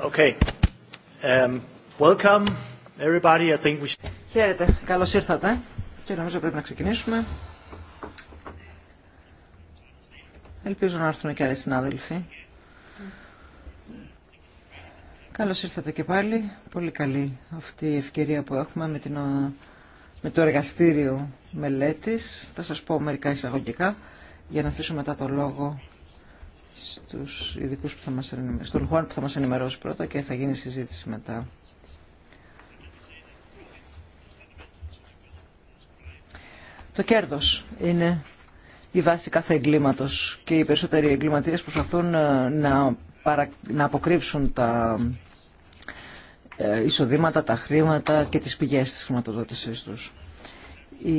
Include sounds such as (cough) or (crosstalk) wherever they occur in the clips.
Okay. Um, welcome everybody. I think we Χαίρετε. Καλώς ήρθατε. Και νομίζω πρέπει να ξεκινήσουμε. Ελπίζω να έρθουν και άλλοι συνάδελφοι. Καλώς ήρθατε και πάλι. Πολύ καλή αυτή η ευκαιρία που έχουμε με, την, με το εργαστήριο μελέτης. Θα σας πω μερικά εισαγωγικά για να αφήσω μετά το λόγο στους ειδικούς που θα μας ενημερώσει, στον Χουάν που θα μας ενημερώσει πρώτα και θα γίνει συζήτηση μετά. Το κέρδος είναι η βάση κάθε εγκλήματος και οι περισσότεροι εγκληματίες προσπαθούν ε, να, παρα... αποκρύψουν τα ε, εισοδήματα, τα χρήματα και τις πηγές της χρηματοδότησής τους. Η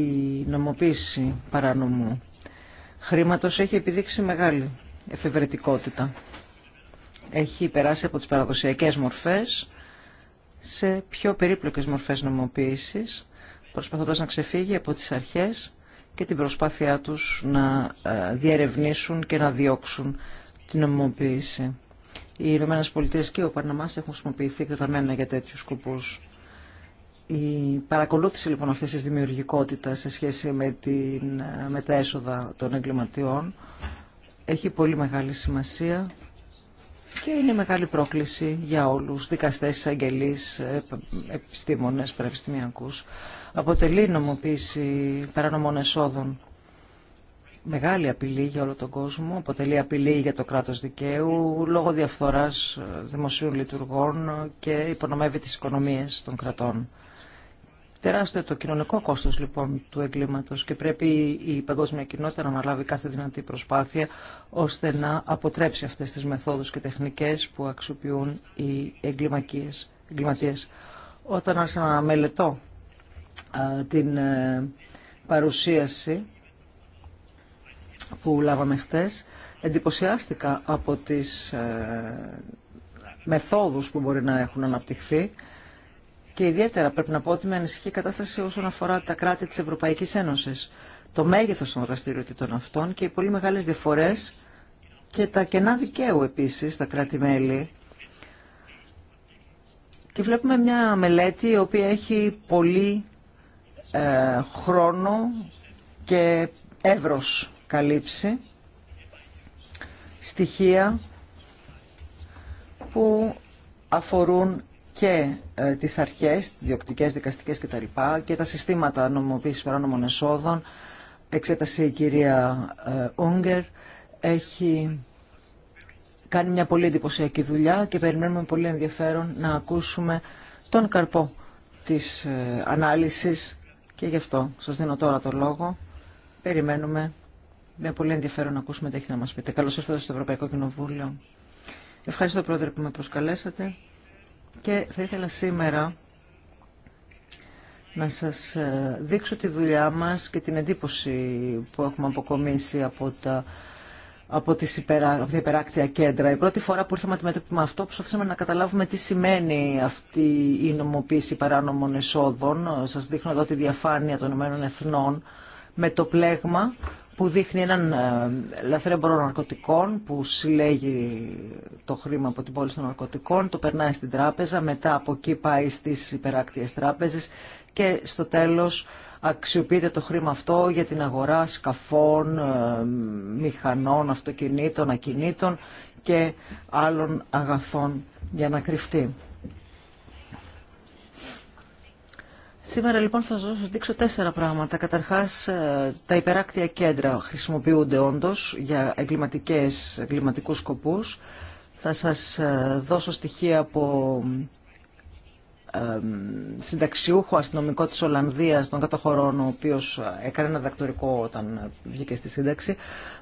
νομοποίηση παρανομού χρήματος έχει επιδείξει μεγάλη εφευρετικότητα. Έχει περάσει από τις παραδοσιακές μορφές σε πιο περίπλοκες μορφές νομοποίησης, προσπαθώντας να ξεφύγει από τις αρχές και την προσπάθειά τους να ε, διερευνήσουν και να διώξουν την νομοποίηση. Οι Ηνωμένε Πολιτείε και ο Παναμά έχουν χρησιμοποιηθεί εκτεταμένα για τέτοιου σκοπούς. Η παρακολούθηση λοιπόν αυτή σε σχέση με, την, ε, με τα έσοδα των εγκληματιών έχει πολύ μεγάλη σημασία και είναι μεγάλη πρόκληση για όλους, δικαστές, εισαγγελείς, επιστήμονες, πανεπιστημιακούς. Αποτελεί νομοποίηση παρανομών εσόδων μεγάλη απειλή για όλο τον κόσμο, αποτελεί απειλή για το κράτος δικαίου, λόγω διαφθοράς ε, δημοσίων λειτουργών και υπονομεύει τις οικονομίες των κρατών. Τεράστιο το κοινωνικό κόστος λοιπόν του εγκλήματος και πρέπει η παγκόσμια κοινότητα να αναλάβει κάθε δυνατή προσπάθεια ώστε να αποτρέψει αυτές τις μεθόδους και τεχνικές που αξιοποιούν οι εγκληματίες. Όταν άρχισα να μελετώ την ε, παρουσίαση που λάβαμε χτες, εντυπωσιάστηκα από τις ε, μεθόδους που μπορεί να έχουν αναπτυχθεί και ιδιαίτερα πρέπει να πω ότι με ανησυχεί η κατάσταση όσον αφορά τα κράτη της Ευρωπαϊκής Ένωσης. Το μέγεθος των δραστηριοτήτων αυτών και οι πολύ μεγάλες διαφορές και τα κενά δικαίου επίσης στα κράτη-μέλη. Και βλέπουμε μια μελέτη η οποία έχει πολύ ε, χρόνο και εύρος καλύψει στοιχεία που αφορούν και ε, τις αρχές, διοκτικές, δικαστικές κτλ. και τα συστήματα νομιμοποίησης παράνομων εσόδων. Εξέτασε η κυρία ε, Ούγκερ. Έχει κάνει μια πολύ εντυπωσιακή δουλειά και περιμένουμε πολύ ενδιαφέρον να ακούσουμε τον καρπό της ε, ανάλυσης και γι' αυτό σας δίνω τώρα το λόγο. Περιμένουμε με πολύ ενδιαφέρον να ακούσουμε τι έχει να μας πείτε. Καλώς ήρθατε στο Ευρωπαϊκό Κοινοβούλιο. Ευχαριστώ πρόεδρε που με προσκαλέσατε. Και θα ήθελα σήμερα να σας ε, δείξω τη δουλειά μας και την εντύπωση που έχουμε αποκομίσει από τα από, τις υπερα... από υπεράκτια κέντρα. Η πρώτη φορά που ήρθαμε αντιμετωπίσουμε με αυτό, προσπαθήσαμε να καταλάβουμε τι σημαίνει αυτή η νομοποίηση παράνομων εσόδων. Σας δείχνω εδώ τη διαφάνεια των ΗΕ Εθνών με το πλέγμα που δείχνει έναν ε, λαθρέμπορο ναρκωτικών που συλλέγει το χρήμα από την πόλη των ναρκωτικών, το περνάει στην τράπεζα, μετά από εκεί πάει στις υπεράκτιες τράπεζες και στο τέλος αξιοποιείται το χρήμα αυτό για την αγορά σκαφών, ε, μηχανών, αυτοκινήτων, ακινήτων και άλλων αγαθών για να κρυφτεί. Σήμερα λοιπόν θα σας δείξω τέσσερα πράγματα. Καταρχάς ε, τα υπεράκτια κέντρα χρησιμοποιούνται όντως για εγκληματικές, εγκληματικούς σκοπούς. Θα σας ε, δώσω στοιχεία από συνταξιούχο αστυνομικό της Ολλανδίας των κατοχωρών ο οποίος ε, έκανε ένα δακτορικό όταν βγήκε στη σύνταξη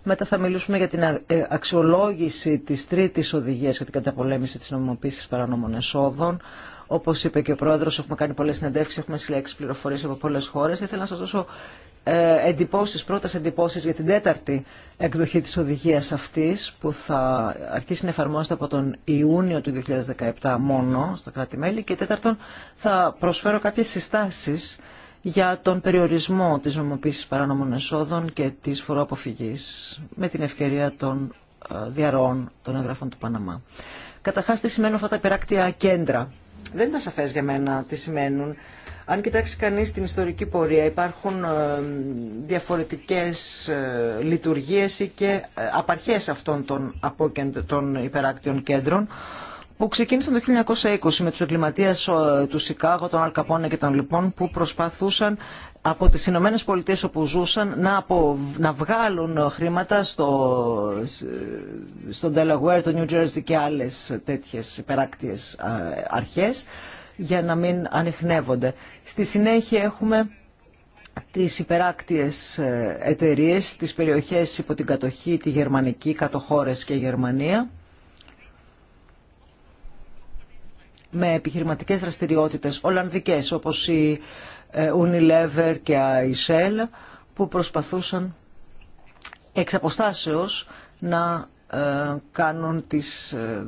μετά θα μιλήσουμε για την αξιολόγηση της τρίτης οδηγίας για την καταπολέμηση της νομιμοποίησης παρανόμων εσόδων Όπω είπε και ο Πρόεδρο, έχουμε κάνει πολλέ συνεντεύξει, έχουμε συλλέξει πληροφορίε από πολλέ χώρε. Ήθελα να σα δώσω ε, εντυπώσεις, πρώτες εντυπώσεις για την τέταρτη εκδοχή της οδηγίας αυτής που θα αρχίσει να εφαρμόζεται από τον Ιούνιο του 2017 μόνο στα κράτη-μέλη και τέταρτον θα προσφέρω κάποιες συστάσεις για τον περιορισμό της νομοποίησης παράνομων εσόδων και της φοροαποφυγής με την ευκαιρία των ε, διαρροών των εγγράφων του Παναμά. Καταρχάς τι σημαίνουν αυτά τα υπεράκτια κέντρα δεν ήταν σαφές για μένα τι σημαίνουν. Αν κοιτάξει κανείς την ιστορική πορεία υπάρχουν ε, διαφορετικές ε, λειτουργίες και ε, απαρχές αυτών των υπεράκτιων κέντρων που ξεκίνησαν το 1920 με τους εγκληματίες του Σικάγο, των Αλκαπόνε και των λοιπόν που προσπαθούσαν από τις Ηνωμένε Πολιτείες όπου ζούσαν να, απο, να βγάλουν χρήματα στο, στο Delaware, το New Jersey και άλλες τέτοιες υπεράκτιες αρχές για να μην ανοιχνεύονται. Στη συνέχεια έχουμε τις υπεράκτιες ε, εταιρείες, τις περιοχές υπό την κατοχή, τη γερμανική, κατοχώρες και Γερμανία. με επιχειρηματικές δραστηριότητες, Ολλανδικές όπως η ε, Unilever και η που προσπαθούσαν εξ αποστάσεως να ε, κάνουν τις ε,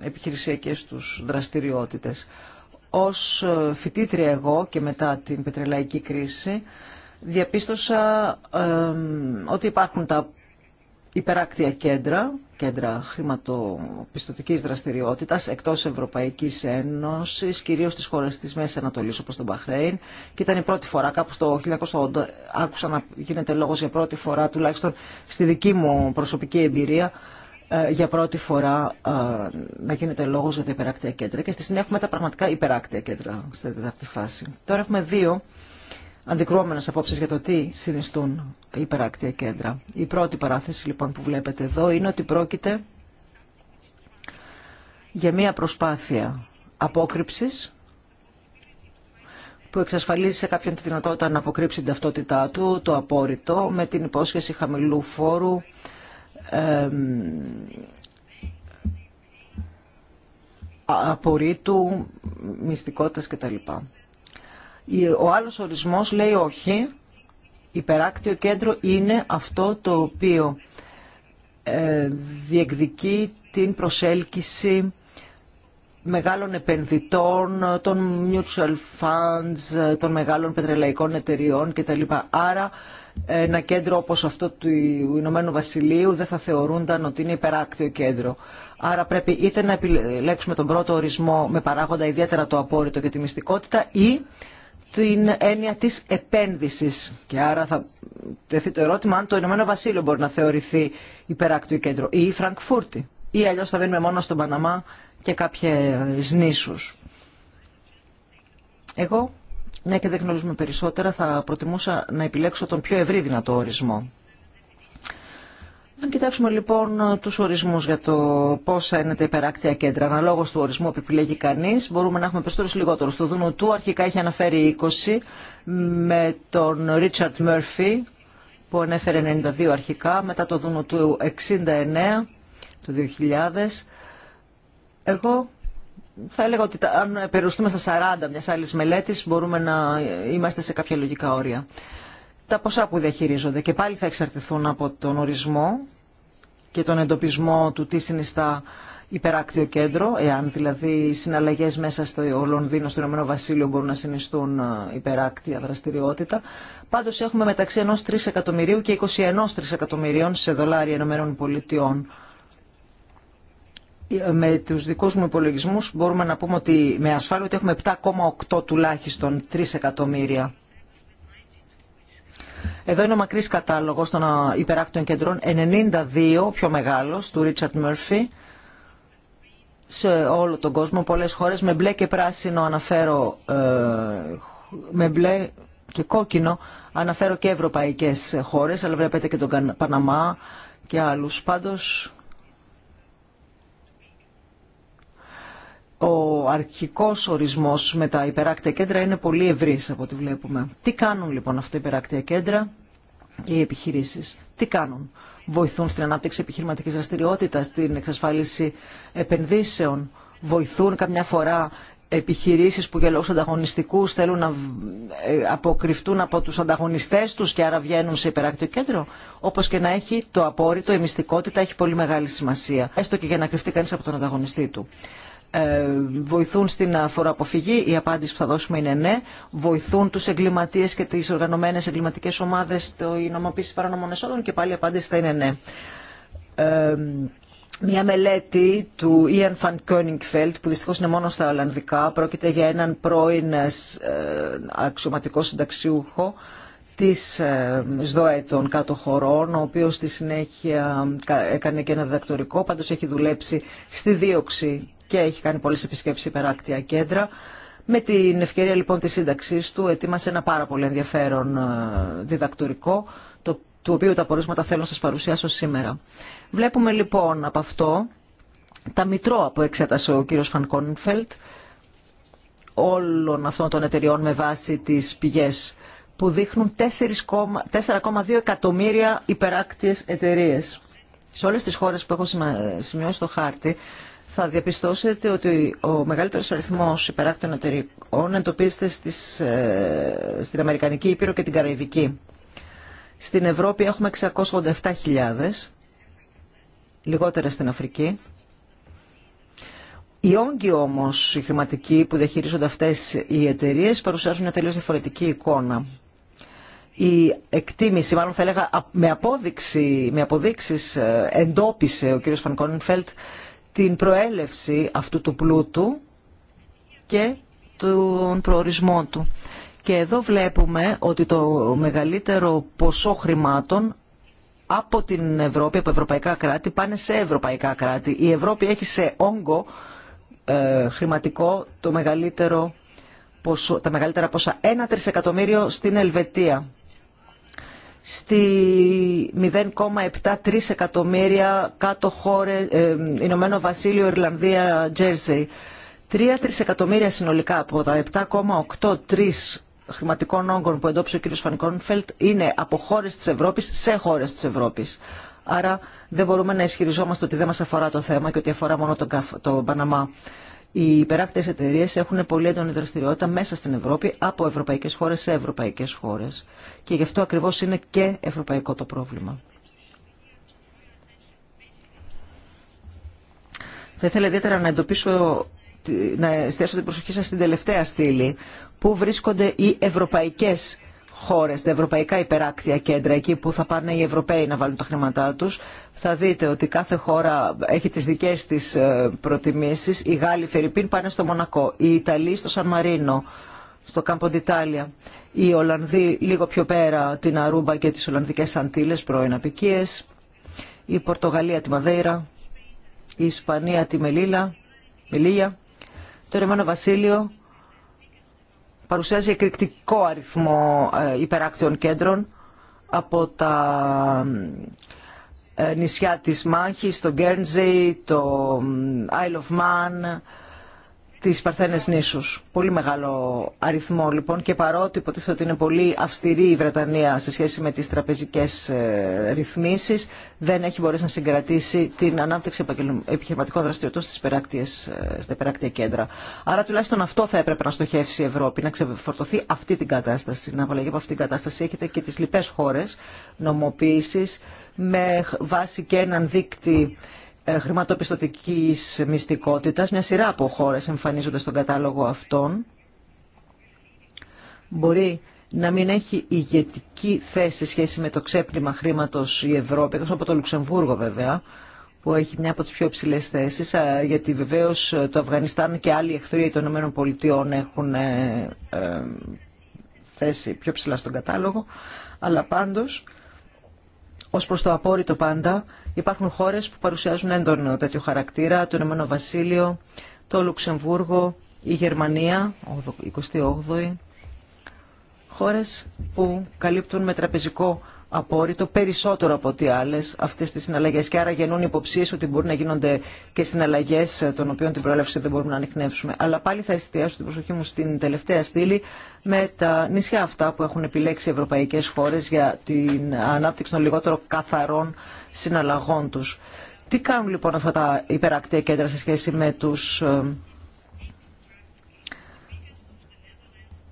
επιχειρησιακές τους δραστηριότητες. Ως φοιτήτρια εγώ και μετά την πετρελαϊκή κρίση διαπίστωσα ότι υπάρχουν τα υπεράκτια κέντρα, κέντρα χρηματοπιστωτικής δραστηριότητας εκτός Ευρωπαϊκής Ένωσης, κυρίως στις χώρες της Μέσης Ανατολής όπως τον Μπαχρέιν. Και ήταν η πρώτη φορά, κάπου στο 1980, άκουσα να γίνεται λόγος για πρώτη φορά, τουλάχιστον στη δική μου προσωπική εμπειρία, ε, για πρώτη φορά ε, να γίνεται λόγος για τα υπεράκτια κέντρα και στη συνέχεια έχουμε τα πραγματικά υπεράκτια κέντρα στη τέταρτη φάση. Τώρα έχουμε δύο αντικρουόμενες απόψεις για το τι συνιστούν οι υπεράκτια κέντρα. Η πρώτη παράθεση λοιπόν που βλέπετε εδώ είναι ότι πρόκειται για μια προσπάθεια απόκρυψης που εξασφαλίζει σε κάποιον τη δυνατότητα να αποκρύψει την ταυτότητά του, το απόρριτο, με την υπόσχεση χαμηλού φόρου, απορρίτου, μυστικότητας κτλ. Ο άλλος ορισμός λέει όχι, υπεράκτιο κέντρο είναι αυτό το οποίο ε, διεκδικεί την προσέλκυση μεγάλων επενδυτών, των mutual funds, των μεγάλων πετρελαϊκών εταιριών κτλ. Άρα ένα κέντρο όπως αυτό του Ηνωμένου Βασιλείου δεν θα θεωρούνταν ότι είναι υπεράκτιο κέντρο. Άρα πρέπει είτε να επιλέξουμε τον πρώτο ορισμό με παράγοντα ιδιαίτερα το απόρριτο και τη μυστικότητα ή την έννοια της επένδυσης. Και άρα θα τεθεί το ερώτημα αν το Ηνωμένο Βασίλειο μπορεί να θεωρηθεί υπεράκτου κέντρο ή η Φραγκφούρτη. Ή αλλιώς θα βαίνουμε μόνο στον Παναμά και κάποιες νήσους. Εγώ, ναι και δεν γνωρίζουμε περισσότερα, θα προτιμούσα να επιλέξω τον πιο ευρύ δυνατό ορισμό. Αν κοιτάξουμε λοιπόν τους ορισμούς για το πόσα είναι τα υπεράκτια κέντρα, αναλόγως του ορισμού που επιλέγει κανείς, μπορούμε να έχουμε περισσότερους λιγότερους. Το Δούνο του αρχικά είχε αναφέρει 20 με τον Ρίτσαρτ Μέρφυ που ανέφερε 92 αρχικά, μετά το Δούνο του 69 του 2000. Εγώ θα έλεγα ότι αν περιοριστούμε στα 40 μιας άλλης μελέτης μπορούμε να είμαστε σε κάποια λογικά όρια τα ποσά που διαχειρίζονται και πάλι θα εξαρτηθούν από τον ορισμό και τον εντοπισμό του τι συνιστά υπεράκτιο κέντρο, εάν δηλαδή οι συναλλαγές μέσα στο Λονδίνο, στο Ηνωμένο Βασίλειο μπορούν να συνιστούν ε, υπεράκτια δραστηριότητα. Πάντως έχουμε μεταξύ μεταξύ 3 εκατομμυρίου και 21 τρισεκατομμυρίων σε δολάρια Ηνωμένων Πολιτειών. Ε, με τους δικούς μου υπολογισμούς μπορούμε να πούμε ότι με ασφάλεια ότι έχουμε 7,8 τουλάχιστον 3 εκατομμύρια εδώ είναι ο μακρύς κατάλογος των υπεράκτων κεντρών, 92, πιο μεγάλος, του Ρίτσαρτ Μέρφυ, σε όλο τον κόσμο, πολλές χώρες. Με μπλε και πράσινο αναφέρω, ε, με μπλε και κόκκινο αναφέρω και ευρωπαϊκές χώρες, αλλά βλέπετε και τον Παναμά και άλλους. Πάντως, ο αρχικός ορισμός με τα υπεράκτια κέντρα είναι πολύ ευρύς από ό,τι βλέπουμε. Τι κάνουν λοιπόν αυτά τα υπεράκτια κέντρα οι επιχειρήσεις. Τι κάνουν. Βοηθούν στην ανάπτυξη επιχειρηματικής δραστηριότητα, στην εξασφάλιση επενδύσεων. Βοηθούν καμιά φορά επιχειρήσεις που για λόγους ανταγωνιστικούς θέλουν να ε, αποκρυφτούν από τους ανταγωνιστές τους και άρα βγαίνουν σε υπεράκτιο κέντρο. Όπως και να έχει το απόρριτο, η μυστικότητα έχει πολύ μεγάλη σημασία. Έστω και για να κρυφτεί κανείς από τον ανταγωνιστή του. Ε, βοηθούν στην φοροαποφυγή. Η απάντηση που θα δώσουμε είναι ναι. Βοηθούν του εγκληματίε και τι οργανωμένε εγκληματικέ ομάδε στο νομοποίηση παρανομών εσόδων και πάλι η απάντηση θα είναι ναι. Ε, μια μελέτη του Ιαν Φαν Koenigfeld, που δυστυχώς είναι μόνο στα Ολλανδικά, πρόκειται για έναν πρώην ε, αξιωματικό συνταξιούχο της ε, ΣΔΟΕ των κάτω χωρών, ο οποίος στη συνέχεια έκανε και ένα διδακτορικό, πάντως έχει δουλέψει στη δίωξη και έχει κάνει πολλές επισκέψεις υπεράκτια κέντρα. Με την ευκαιρία λοιπόν της σύνταξής του ετοίμασε ένα πάρα πολύ ενδιαφέρον ε, διδακτορικό, το, του οποίου τα πορίσματα θέλω να σας παρουσιάσω σήμερα. Βλέπουμε λοιπόν από αυτό τα μητρώα που εξέτασε ο κύριος Φαν Κόνφελτ όλων αυτών των εταιριών με βάση τις πηγές που δείχνουν 4,2 εκατομμύρια υπεράκτιες εταιρείες. Σε όλες τις χώρες που έχω σημειώσει το χάρτη θα διαπιστώσετε ότι ο μεγαλύτερος αριθμός υπεράκτων εταιρικών εντοπίζεται στις, ε, στην Αμερικανική Ήπειρο και την Καραϊβική. Στην Ευρώπη έχουμε 687.000, λιγότερα στην Αφρική. Οι όγκοι όμως, οι χρηματικοί που διαχειρίζονται αυτές οι εταιρείες παρουσιάζουν μια τελείως διαφορετική εικόνα. Η εκτίμηση, μάλλον θα έλεγα με, απόδειξη, με αποδείξεις ε, εντόπισε ο κ. Φανκόνινφελτ την προέλευση αυτού του πλούτου και τον προορισμό του. Και εδώ βλέπουμε ότι το μεγαλύτερο ποσό χρημάτων από την Ευρώπη, από ευρωπαϊκά κράτη, πάνε σε ευρωπαϊκά κράτη. Η Ευρώπη έχει σε όγκο ε, χρηματικό το μεγαλύτερο ποσό, τα μεγαλύτερα ποσά. Ένα τρισεκατομμύριο στην Ελβετία στη 0,73 εκατομμύρια κάτω χώρε ε, Ηνωμένο Βασίλειο, Ιρλανδία, Τζέρσεϊ. 3 εκατομμύρια συνολικά από τα 7,83 χρηματικών όγκων που εντόπισε ο κ. Φανικόνφελτ είναι από χώρες της Ευρώπης σε χώρες της Ευρώπης. Άρα δεν μπορούμε να ισχυριζόμαστε ότι δεν μας αφορά το θέμα και ότι αφορά μόνο το τον Παναμά. Οι υπεράκτες εταιρείε έχουν πολύ έντονη δραστηριότητα μέσα στην Ευρώπη, από ευρωπαϊκές χώρες σε ευρωπαϊκές χώρες. Και γι' αυτό ακριβώς είναι και ευρωπαϊκό το πρόβλημα. Θα ήθελα ιδιαίτερα να εντοπίσω, να εστιάσω την προσοχή σας στην τελευταία στήλη, που βρίσκονται οι ευρωπαϊκές Χώρε, τα ευρωπαϊκά υπεράκτια κέντρα, εκεί που θα πάνε οι Ευρωπαίοι να βάλουν τα χρήματά του. θα δείτε ότι κάθε χώρα έχει τι δικέ τη ε, προτιμήσεις. Οι Γάλλοι Φερρυπίν πάνε στο Μονακό, οι Ιταλοί στο Σαν Μαρίνο, στο Κάμπο Ντιτάλια, οι Ολλανδοί λίγο πιο πέρα την Αρούμπα και τι Ολλανδικέ Αντίλε πρώην απικίε. η Πορτογαλία τη Μαδέιρα, η Ισπανία τη Μελίλα, Μελίλια, το Ρεμάνο Βασίλειο παρουσιάζει εκρηκτικό αριθμό ε, υπεράκτιων κέντρων από τα ε, νησιά της Μάχης, το Guernsey, το Isle of Man, τις Παρθένες νήσους. Πολύ μεγάλο αριθμό λοιπόν και παρότι υποτίθεται ότι είναι πολύ αυστηρή η Βρετανία σε σχέση με τις τραπεζικές ε, ρυθμίσεις δεν έχει μπορέσει να συγκρατήσει την ανάπτυξη επιχειρηματικών δραστηριοτών στις ε, στα υπεράκτια κέντρα. Άρα τουλάχιστον αυτό θα έπρεπε να στοχεύσει η Ευρώπη, να ξεφορτωθεί αυτή την κατάσταση, να απαλλαγεί από αυτή την κατάσταση. Έχετε και τις λοιπές χώρες νομοποίησης με βάση και έναν δίκτυο. Ε, χρηματοπιστωτικής μυστικότητας. Μια σειρά από χώρες εμφανίζονται στον κατάλογο αυτών. Μπορεί να μην έχει ηγετική θέση σχέση με το ξέπλυμα χρήματος η Ευρώπη, εκτός από το Λουξεμβούργο βέβαια, που έχει μια από τις πιο ψηλές θέσεις, γιατί βεβαίως ε, το Αφγανιστάν και άλλοι εχθροί των ΗΠΑ έχουν ε, θέση πιο ψηλά στον κατάλογο. Αλλά πάντως Ω προ το απόρριτο πάντα, υπάρχουν χώρε που παρουσιάζουν έντονο τέτοιο χαρακτήρα, το Ηνωμένο Βασίλειο, το Λουξεμβούργο, η Γερμανία, 28η, χώρες που καλύπτουν με τραπεζικό απόρριτο περισσότερο από ό,τι άλλε αυτέ τι συναλλαγέ. Και άρα γεννούν υποψίε ότι μπορεί να γίνονται και συναλλαγέ ε, των οποίων την προέλευση δεν μπορούμε να ανοιχνεύσουμε. Αλλά πάλι θα εστιάσω την προσοχή μου στην τελευταία στήλη με τα νησιά αυτά που έχουν επιλέξει οι ευρωπαϊκέ χώρε για την ανάπτυξη των λιγότερο καθαρών συναλλαγών του. Τι κάνουν λοιπόν αυτά τα υπερακτία κέντρα σε σχέση με του ε,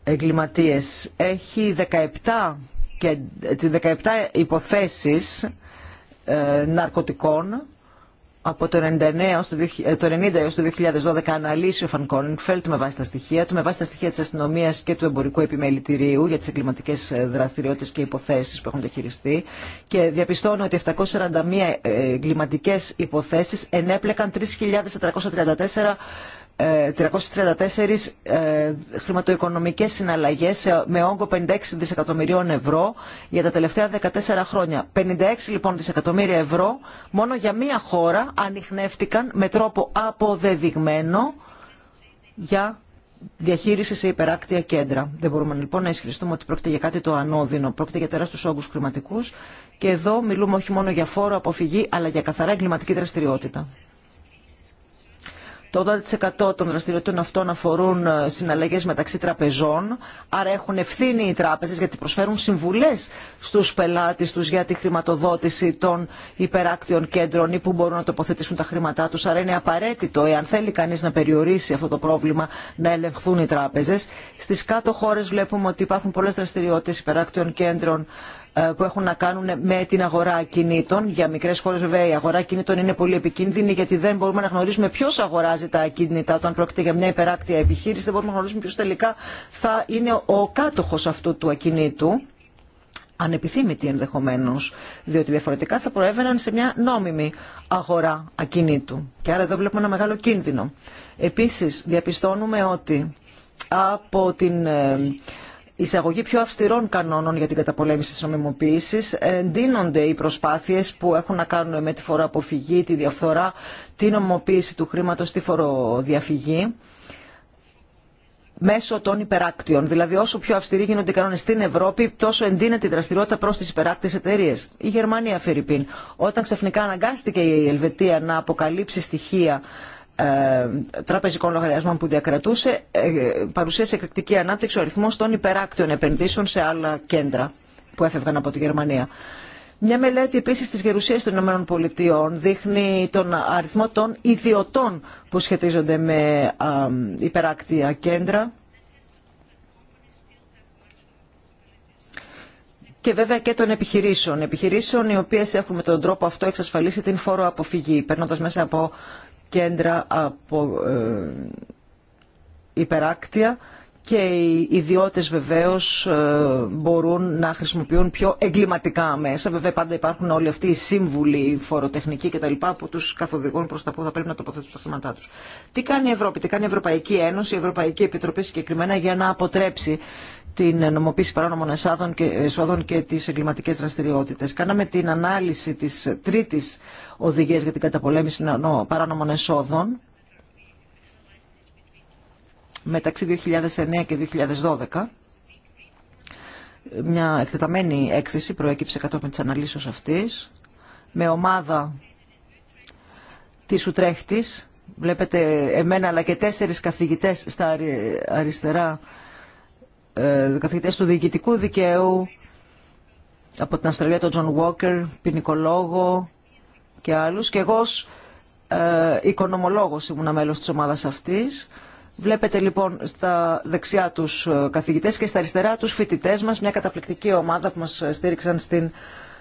εγκληματίες. Έχει 17 και τις 17 υποθέσεις ε, ναρκωτικών από το 1990 το έως το 2012 ε, αναλύσει ο Φαν Κόνενφελτ με βάση τα στοιχεία του, με βάση τα στοιχεία της αστυνομίας και του εμπορικού επιμελητηρίου για τις εγκληματικές ε, δραστηριότητες και υποθέσεις που έχουν διαχειριστεί και διαπιστώνω ότι 741 εγκληματικές υποθέσεις ενέπλεκαν 3.434 334 ε, χρηματοοικονομικές συναλλαγές με όγκο 56 δισεκατομμυρίων ευρώ για τα τελευταία 14 χρόνια. 56 λοιπόν δισεκατομμύρια ευρώ μόνο για μία χώρα ανοιχνεύτηκαν με τρόπο αποδεδειγμένο για διαχείριση σε υπεράκτια κέντρα. Δεν μπορούμε λοιπόν να ισχυριστούμε ότι πρόκειται για κάτι το ανώδυνο. Πρόκειται για τεράστιου όγκους χρηματικούς και εδώ μιλούμε όχι μόνο για φόρο αποφυγή αλλά για καθαρά εγκληματική δραστηριότητα. Το 80% των δραστηριοτήτων αυτών αφορούν ε, συναλλαγές μεταξύ τραπεζών, άρα έχουν ευθύνη οι τράπεζες γιατί προσφέρουν συμβουλές στους πελάτες τους για τη χρηματοδότηση των υπεράκτιων κέντρων ή που μπορούν να τοποθετήσουν τα χρήματά τους. Άρα είναι απαραίτητο, εάν θέλει κανείς να περιορίσει αυτό το πρόβλημα, να ελεγχθούν οι τράπεζες. Στις κάτω χώρες βλέπουμε ότι υπάρχουν πολλές δραστηριότητες υπεράκτιων κέντρων ε, που έχουν να κάνουν με την αγορά ακινήτων. Για μικρέ χώρε, βέβαια, η αγορά ακινήτων είναι πολύ επικίνδυνη, γιατί δεν μπορούμε να γνωρίζουμε ποιο αγοράζει τα ακίνητα. Όταν πρόκειται για μια υπεράκτια επιχείρηση, δεν μπορούμε να γνωρίζουμε ποιο τελικά θα είναι ο κάτοχο αυτού του ακινήτου Ανεπιθύμητη ενδεχομένω, διότι διαφορετικά θα προέβαιναν σε μια νόμιμη αγορά ακινήτου. Και άρα εδώ βλέπουμε ένα μεγάλο κίνδυνο. Επίση, διαπιστώνουμε ότι από την ε, η εισαγωγή πιο αυστηρών κανόνων για την καταπολέμηση της νομιμοποίησης εντείνονται οι προσπάθειες που έχουν να κάνουν με τη φοροαποφυγή, τη διαφθορά, τη νομιμοποίηση του χρήματος, τη φοροδιαφυγή μέσω των υπεράκτιων. Δηλαδή, όσο πιο αυστηροί γίνονται οι κανόνες στην Ευρώπη, τόσο εντείνεται η δραστηριότητα προς τις υπεράκτιε εταιρείε. Η Γερμανία, Φερρυπίν, όταν ξαφνικά αναγκάστηκε η Ελβετία να αποκαλύψει στοιχεία ε, τραπεζικών λογαριασμών που διακρατούσε ε, παρουσίασε εκρηκτική ανάπτυξη ο αριθμό των υπεράκτιων επενδύσεων σε άλλα κέντρα που έφευγαν από τη Γερμανία. Μια μελέτη επίση τη γερουσία των ΗΠΑ δείχνει τον αριθμό των ιδιωτών που σχετίζονται με υπεράκτια κέντρα. Και βέβαια και των επιχειρήσεων. Επιχειρήσεων οι οποίε έχουν με τον τρόπο αυτό εξασφαλίσει την φόρο αποφυγή, περνώντα μέσα από κέντρα από ε, υπεράκτια και οι ιδιώτες βεβαίως ε, μπορούν να χρησιμοποιούν πιο εγκληματικά μέσα. Βέβαια πάντα υπάρχουν όλοι αυτοί οι σύμβουλοι και φοροτεχνικοί κτλ. που τους καθοδηγούν προς τα που θα πρέπει να τοποθετούν τα χρήματά τους. Τι κάνει η Ευρώπη, τι κάνει η Ευρωπαϊκή Ένωση, η Ευρωπαϊκή Επιτροπή συγκεκριμένα για να αποτρέψει την νομοποίηση παράνομων εσόδων και, τι εγκληματικέ τις εγκληματικές δραστηριότητες. Κάναμε την ανάλυση της τρίτης οδηγίας για την καταπολέμηση παράνομων εσόδων μεταξύ 2009 και 2012. Μια εκτεταμένη έκθεση προέκυψε κατόπιν της αναλύσεως αυτής με ομάδα της Ουτρέχτης. Βλέπετε εμένα αλλά και τέσσερις καθηγητές στα αριστερά ε, καθηγητές του διοικητικού δικαίου από την Αυστραλία, τον Τζον Βόκερ, ποινικολόγο και άλλους. Και εγώ ως ε, οικονομολόγος ήμουν μέλος της ομάδας αυτής. Βλέπετε λοιπόν στα δεξιά τους ε, καθηγητές και στα αριστερά τους φοιτητές μας μια καταπληκτική ομάδα που μας στήριξαν στην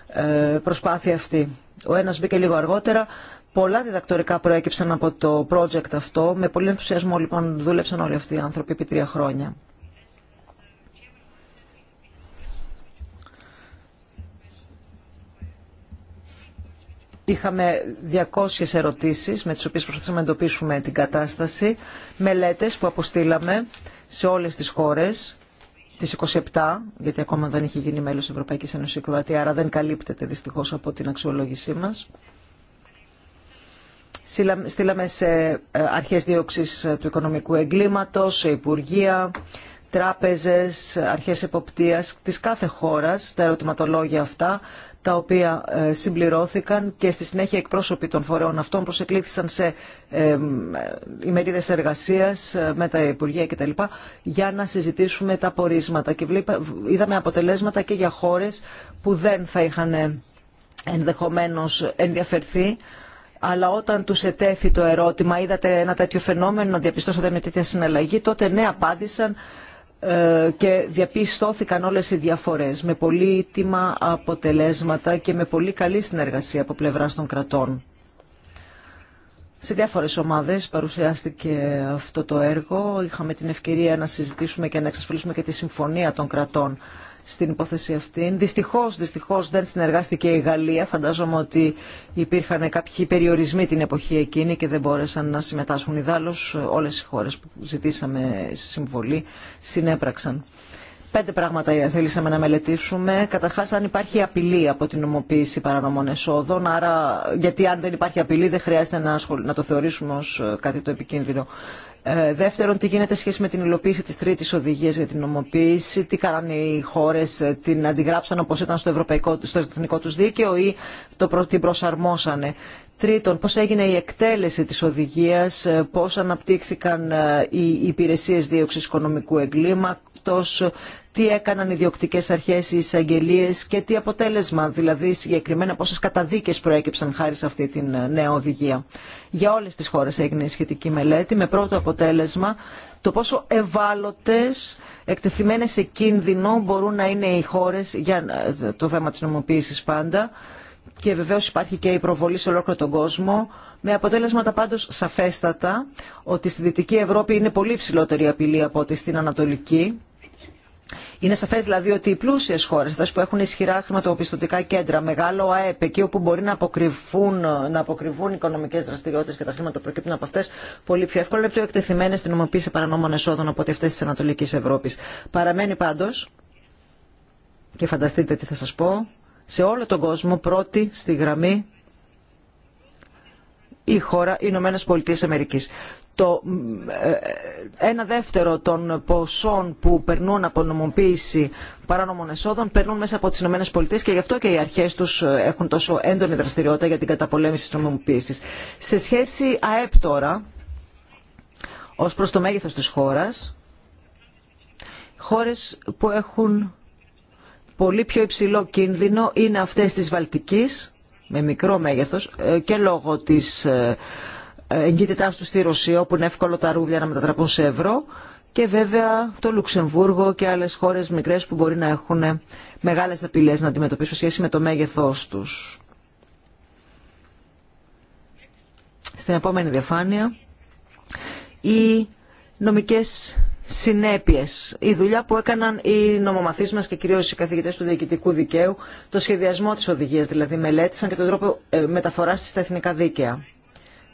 ε, προσπάθεια αυτή. Ο ένας μπήκε λίγο αργότερα. Πολλά διδακτορικά προέκυψαν από το project αυτό. Με πολύ ενθουσιασμό λοιπόν δούλεψαν όλοι αυτοί οι άνθρωποι επί τρία χρόνια. Είχαμε 200 ερωτήσεις με τις οποίες προσπαθήσαμε να εντοπίσουμε την κατάσταση, μελέτες που αποστήλαμε σε όλες τις χώρες, τις 27, γιατί ακόμα δεν έχει γίνει μέλος της Ευρωπαϊκής Ένωσης η Κροατία, άρα δεν καλύπτεται δυστυχώς από την αξιολόγησή μας. Στείλαμε σε ε, αρχές δίωξης ε, του οικονομικού εγκλήματος, σε υπουργεία, τράπεζες, αρχές εποπτείας της κάθε χώρας, τα ερωτηματολόγια αυτά, τα οποία ε, συμπληρώθηκαν και στη συνέχεια εκπρόσωποι των φορέων αυτών προσεκλήθησαν σε ε, ε, ημερίδες εργασίας με τα Υπουργεία κτλ. για να συζητήσουμε τα πορίσματα και είδαμε αποτελέσματα και για χώρες που δεν θα είχαν ενδεχομένως ενδιαφερθεί αλλά όταν τους ετέθη το ερώτημα είδατε ένα τέτοιο φαινόμενο, διαπιστώσατε με τέτοια συναλλαγή, τότε ναι απάντησαν ε, και διαπιστώθηκαν όλες οι διαφορές με πολύτιμα αποτελέσματα και με πολύ καλή συνεργασία από πλευράς των κρατών. Σε διάφορες ομάδες παρουσιάστηκε αυτό το έργο. Είχαμε την ευκαιρία να συζητήσουμε και να εξασφαλίσουμε και τη συμφωνία των κρατών στην υπόθεση αυτή. Δυστυχώς, δυστυχώς δεν συνεργάστηκε η Γαλλία. Φαντάζομαι ότι υπήρχαν κάποιοι περιορισμοί την εποχή εκείνη και δεν μπόρεσαν να συμμετάσχουν. Ιδάλλως όλες οι χώρες που ζητήσαμε συμβολή συνέπραξαν. Πέντε πράγματα θέλησαμε να μελετήσουμε. Καταρχά, αν υπάρχει απειλή από την νομοποίηση παρανομών εσόδων. Άρα, γιατί αν δεν υπάρχει απειλή, δεν χρειάζεται να, να το θεωρήσουμε ω ε, κάτι το επικίνδυνο. Ε, δεύτερον, τι γίνεται σχέση με την υλοποίηση τη τρίτη οδηγία για την νομοποίηση. Τι κάνανε οι χώρε, ε, την αντιγράψαν όπω ήταν στο, ευρωπαϊκό, στο εθνικό του δίκαιο ή το, την προσαρμόσανε. Τρίτον, πώς έγινε η εκτέλεση της οδηγίας, ε, πώς αναπτύχθηκαν ε, οι υπηρεσίες δίωξης οικονομικού εγκλήματος, τι έκαναν οι διοκτικές αρχές, οι εισαγγελίες και τι αποτέλεσμα, δηλαδή συγκεκριμένα πόσες καταδίκες προέκυψαν χάρη σε αυτή την ε, νέα οδηγία. Για όλες τις χώρες έγινε η σχετική μελέτη με πρώτο αποτέλεσμα το πόσο ευάλωτες, εκτεθειμένες σε κίνδυνο μπορούν να είναι οι χώρες για το θέμα της νομοποίησης πάντα και βεβαίως υπάρχει και η προβολή σε ολόκληρο τον κόσμο, με αποτέλεσματα πάντως σαφέστατα ότι στη Δυτική Ευρώπη είναι πολύ ψηλότερη η απειλή από ότι στην Ανατολική. Είναι σαφές δηλαδή ότι οι πλούσιες χώρες, αυτές που έχουν ισχυρά χρηματοπιστωτικά κέντρα, μεγάλο ΑΕΠ, εκεί όπου μπορεί να αποκρυβούν, να αποκρυβούν οικονομικές δραστηριότητες και τα χρήματα προκύπτουν από αυτές, πολύ πιο εύκολα είναι πιο εκτεθειμένες στην ομοποίηση παρανόμων εσόδων από αυτές της Ανατολικής Ευρώπης. Παραμένει πάντως, και φανταστείτε τι θα σας πω, σε όλο τον κόσμο πρώτη στη γραμμή η χώρα Ηνωμένες Πολιτείες Αμερικής. Το ε, ε, ένα δεύτερο των ποσών που περνούν από νομοποίηση παράνομων εσόδων περνούν μέσα από τις Ηνωμένες Πολιτείες και γι' αυτό και οι αρχές τους ε, έχουν τόσο έντονη δραστηριότητα για την καταπολέμηση της νομοποίησης. Σε σχέση ΑΕΠ τώρα, ως προς το μέγεθος της χώρας, χώρες που έχουν πολύ πιο υψηλό κίνδυνο είναι αυτές της Βαλτικής, με μικρό μέγεθος, ε, και λόγω της ε, ε, εγκύτητάς του στη Ρωσία, όπου είναι εύκολο τα ρούβλια να μετατραπούν σε ευρώ, και βέβαια το Λουξεμβούργο και άλλες χώρες μικρές που μπορεί να έχουν μεγάλες απειλές να αντιμετωπίσουν σχέση με το μέγεθός τους. Στην επόμενη διαφάνεια, οι νομικές Συνέπειε. Η δουλειά που έκαναν οι νομομαθεί μα και κυρίω οι καθηγητέ του διοικητικού δικαίου, το σχεδιασμό τη οδηγία, δηλαδή μελέτησαν και τον τρόπο ε, μεταφορά τη στα εθνικά δίκαια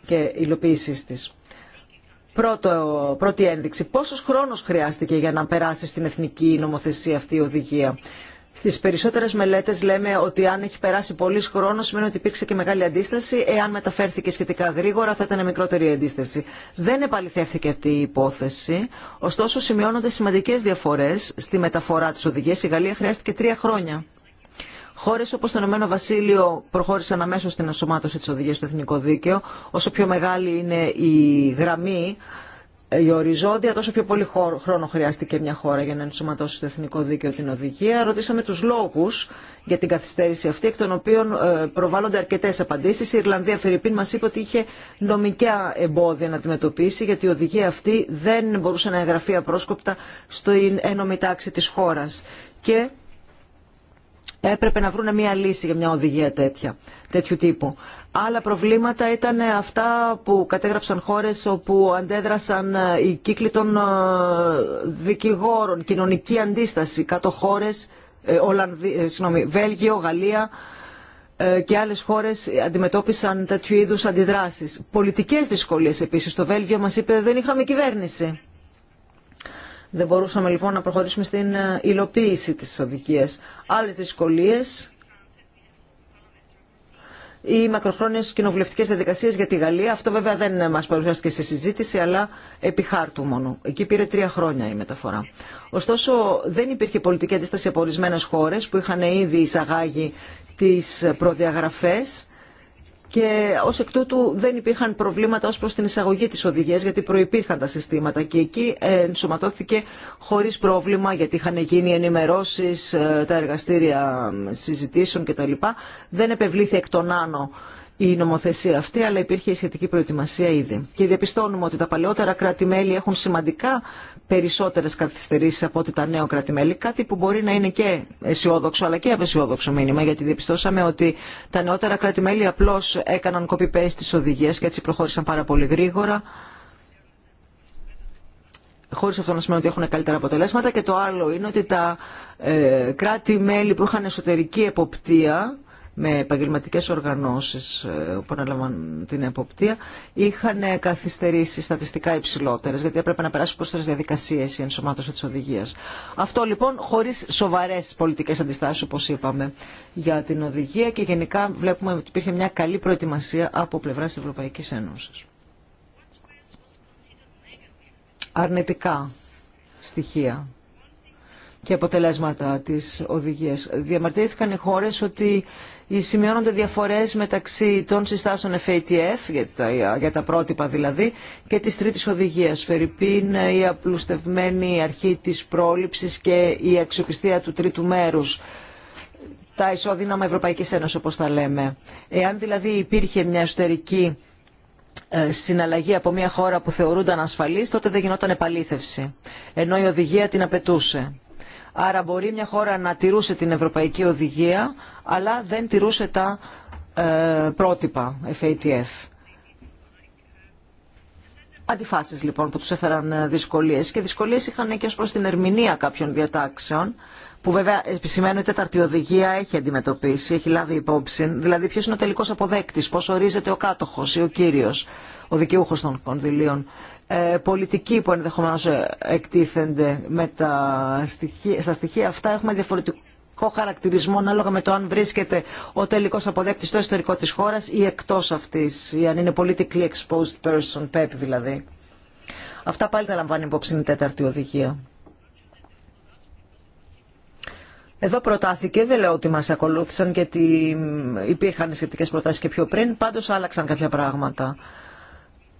και υλοποίηση τη. Πρώτο, πρώτη ένδειξη. Πόσο χρόνο χρειάστηκε για να περάσει στην εθνική νομοθεσία αυτή η οδηγία. Στι περισσότερε μελέτε λέμε ότι αν έχει περάσει πολλή χρόνο σημαίνει ότι υπήρξε και μεγάλη αντίσταση. Εάν μεταφέρθηκε σχετικά γρήγορα θα ήταν μικρότερη η αντίσταση. Δεν επαληθεύθηκε αυτή η υπόθεση. Ωστόσο σημειώνονται σημαντικέ διαφορέ στη μεταφορά τη οδηγία. Η Γαλλία χρειάστηκε τρία χρόνια. Χώρε όπω το Ηνωμένο Βασίλειο προχώρησαν αμέσω στην ενσωμάτωση τη οδηγία στο εθνικό δίκαιο. Όσο πιο μεγάλη είναι η γραμμή ε, η οριζόντια, τόσο πιο πολύ χρόνο χρειάστηκε μια χώρα για να ενσωματώσει το εθνικό δίκαιο την οδηγία. Ρωτήσαμε τους λόγους για την καθυστέρηση αυτή, εκ των οποίων ε, προβάλλονται αρκετές απαντήσεις. Η Ιρλανδία Φερρυπίν μας είπε ότι είχε νομικά εμπόδια να αντιμετωπίσει, γιατί η οδηγία αυτή δεν μπορούσε να εγγραφεί απρόσκοπτα στην ένωμη τάξη της χώρας. Και έπρεπε να βρουν μια λύση για μια οδηγία τέτοια, τέτοιου τύπου. Άλλα προβλήματα ήταν αυτά που κατέγραψαν χώρες όπου αντέδρασαν ε, οι κύκλοι των ε, δικηγόρων, κοινωνική αντίσταση, κάτω χώρες, ε, Ολλανδί, Βέλγιο, Γαλλία και άλλες χώρες αντιμετώπισαν τέτοιου είδου αντιδράσεις. Πολιτικές δυσκολίες επίσης. Το Βέλγιο μας είπε δεν είχαμε κυβέρνηση. Δεν μπορούσαμε λοιπόν να προχωρήσουμε στην υλοποίηση της οδικίας. Άλλες δυσκολίες οι μακροχρόνιες κοινοβουλευτικές διαδικασίες για τη Γαλλία. Αυτό βέβαια δεν μας παρουσιάστηκε σε συζήτηση, αλλά επί χάρτου μόνο. Εκεί πήρε τρία χρόνια η μεταφορά. Ωστόσο, δεν υπήρχε πολιτική αντίσταση από ορισμένε χώρες που είχαν ήδη εισαγάγει τις προδιαγραφές και ως εκ τούτου δεν υπήρχαν προβλήματα ως προς την εισαγωγή τη οδηγία, γιατί προϋπήρχαν τα συστήματα και εκεί ενσωματώθηκε χωρίς πρόβλημα γιατί είχαν γίνει ενημερώσει ε, τα εργαστήρια συζητήσεων κτλ. Δεν επευλήθη εκ των άνω η νομοθεσία αυτή, αλλά υπήρχε η σχετική προετοιμασία ήδη. Και διαπιστώνουμε ότι τα παλαιότερα κράτη-μέλη έχουν σημαντικά περισσότερε καθυστερήσει από ότι τα νέα κράτη-μέλη. Κάτι που μπορεί να είναι και αισιόδοξο, αλλά και απεσιόδοξο μήνυμα, γιατί διαπιστώσαμε ότι τα νεότερα κράτη-μέλη απλώ έκαναν κοπιπέ τη οδηγίε και έτσι προχώρησαν πάρα πολύ γρήγορα Χωρί αυτό να σημαίνει ότι έχουν καλύτερα αποτελέσματα και το άλλο είναι ότι τα ε, κράτη-μέλη που είχαν εσωτερική εποπτεία με επαγγελματικέ οργανώσεις ε, που αναλαμβάνουν την εποπτεία είχαν καθυστερήσει στατιστικά υψηλότερε, γιατί έπρεπε να περάσουν προσθέσεις διαδικασίε η ενσωμάτωση της οδηγίας. Αυτό λοιπόν χωρί σοβαρές πολιτικές αντιστάσεις όπως είπαμε για την οδηγία και γενικά βλέπουμε ότι υπήρχε μια καλή προετοιμασία από πλευρά τη Ευρωπαϊκή Ένωση. Αρνητικά στοιχεία και αποτελέσματα της οδηγίας. Διαμαρτυρήθηκαν οι χώρες ότι σημειώνονται διαφορές μεταξύ των συστάσεων FATF, για τα, πρότυπα δηλαδή, και της τρίτης οδηγίας. Φερρυπίν, η απλουστευμένη αρχή της πρόληψης και η αξιοπιστία του τρίτου μέρους τα ισόδυναμα Ευρωπαϊκής Ένωσης όπως τα λέμε. Εάν δηλαδή υπήρχε μια εσωτερική ε, συναλλαγή από μια χώρα που θεωρούνταν ασφαλής τότε δεν γινόταν επαλήθευση ενώ η οδηγία την απαιτούσε. Άρα μπορεί μια χώρα να τηρούσε την Ευρωπαϊκή Οδηγία, αλλά δεν τηρούσε τα ε, πρότυπα FATF. Αντιφάσεις λοιπόν που τους έφεραν ε, δυσκολίες και δυσκολίες είχαν και ως προς την ερμηνεία κάποιων διατάξεων που βέβαια ότι η τέταρτη οδηγία έχει αντιμετωπίσει, έχει λάβει υπόψη, δηλαδή ποιος είναι ο τελικός αποδέκτης, πώς ορίζεται ο κάτοχος ή ο κύριος, ο δικαιούχος των κονδυλίων. Ε, πολιτικοί που ενδεχομένως ε, εκτίθενται με τα στοιχεία. Στα στοιχεία αυτά έχουμε διαφορετικό χαρακτηρισμό ανάλογα με το αν βρίσκεται ο τελικός αποδέκτης στο εσωτερικό της χώρας ή εκτός αυτής, ή αν είναι politically exposed person, PEP e δηλαδή. Αυτά πάλι τα λαμβάνει υπόψη η τέταρτη οδηγία. Εδώ προτάθηκε, δεν λέω ότι μας ακολούθησαν γιατί υπήρχαν σχετικές προτάσεις και πιο πριν, πάντως άλλαξαν κάποια πράγματα.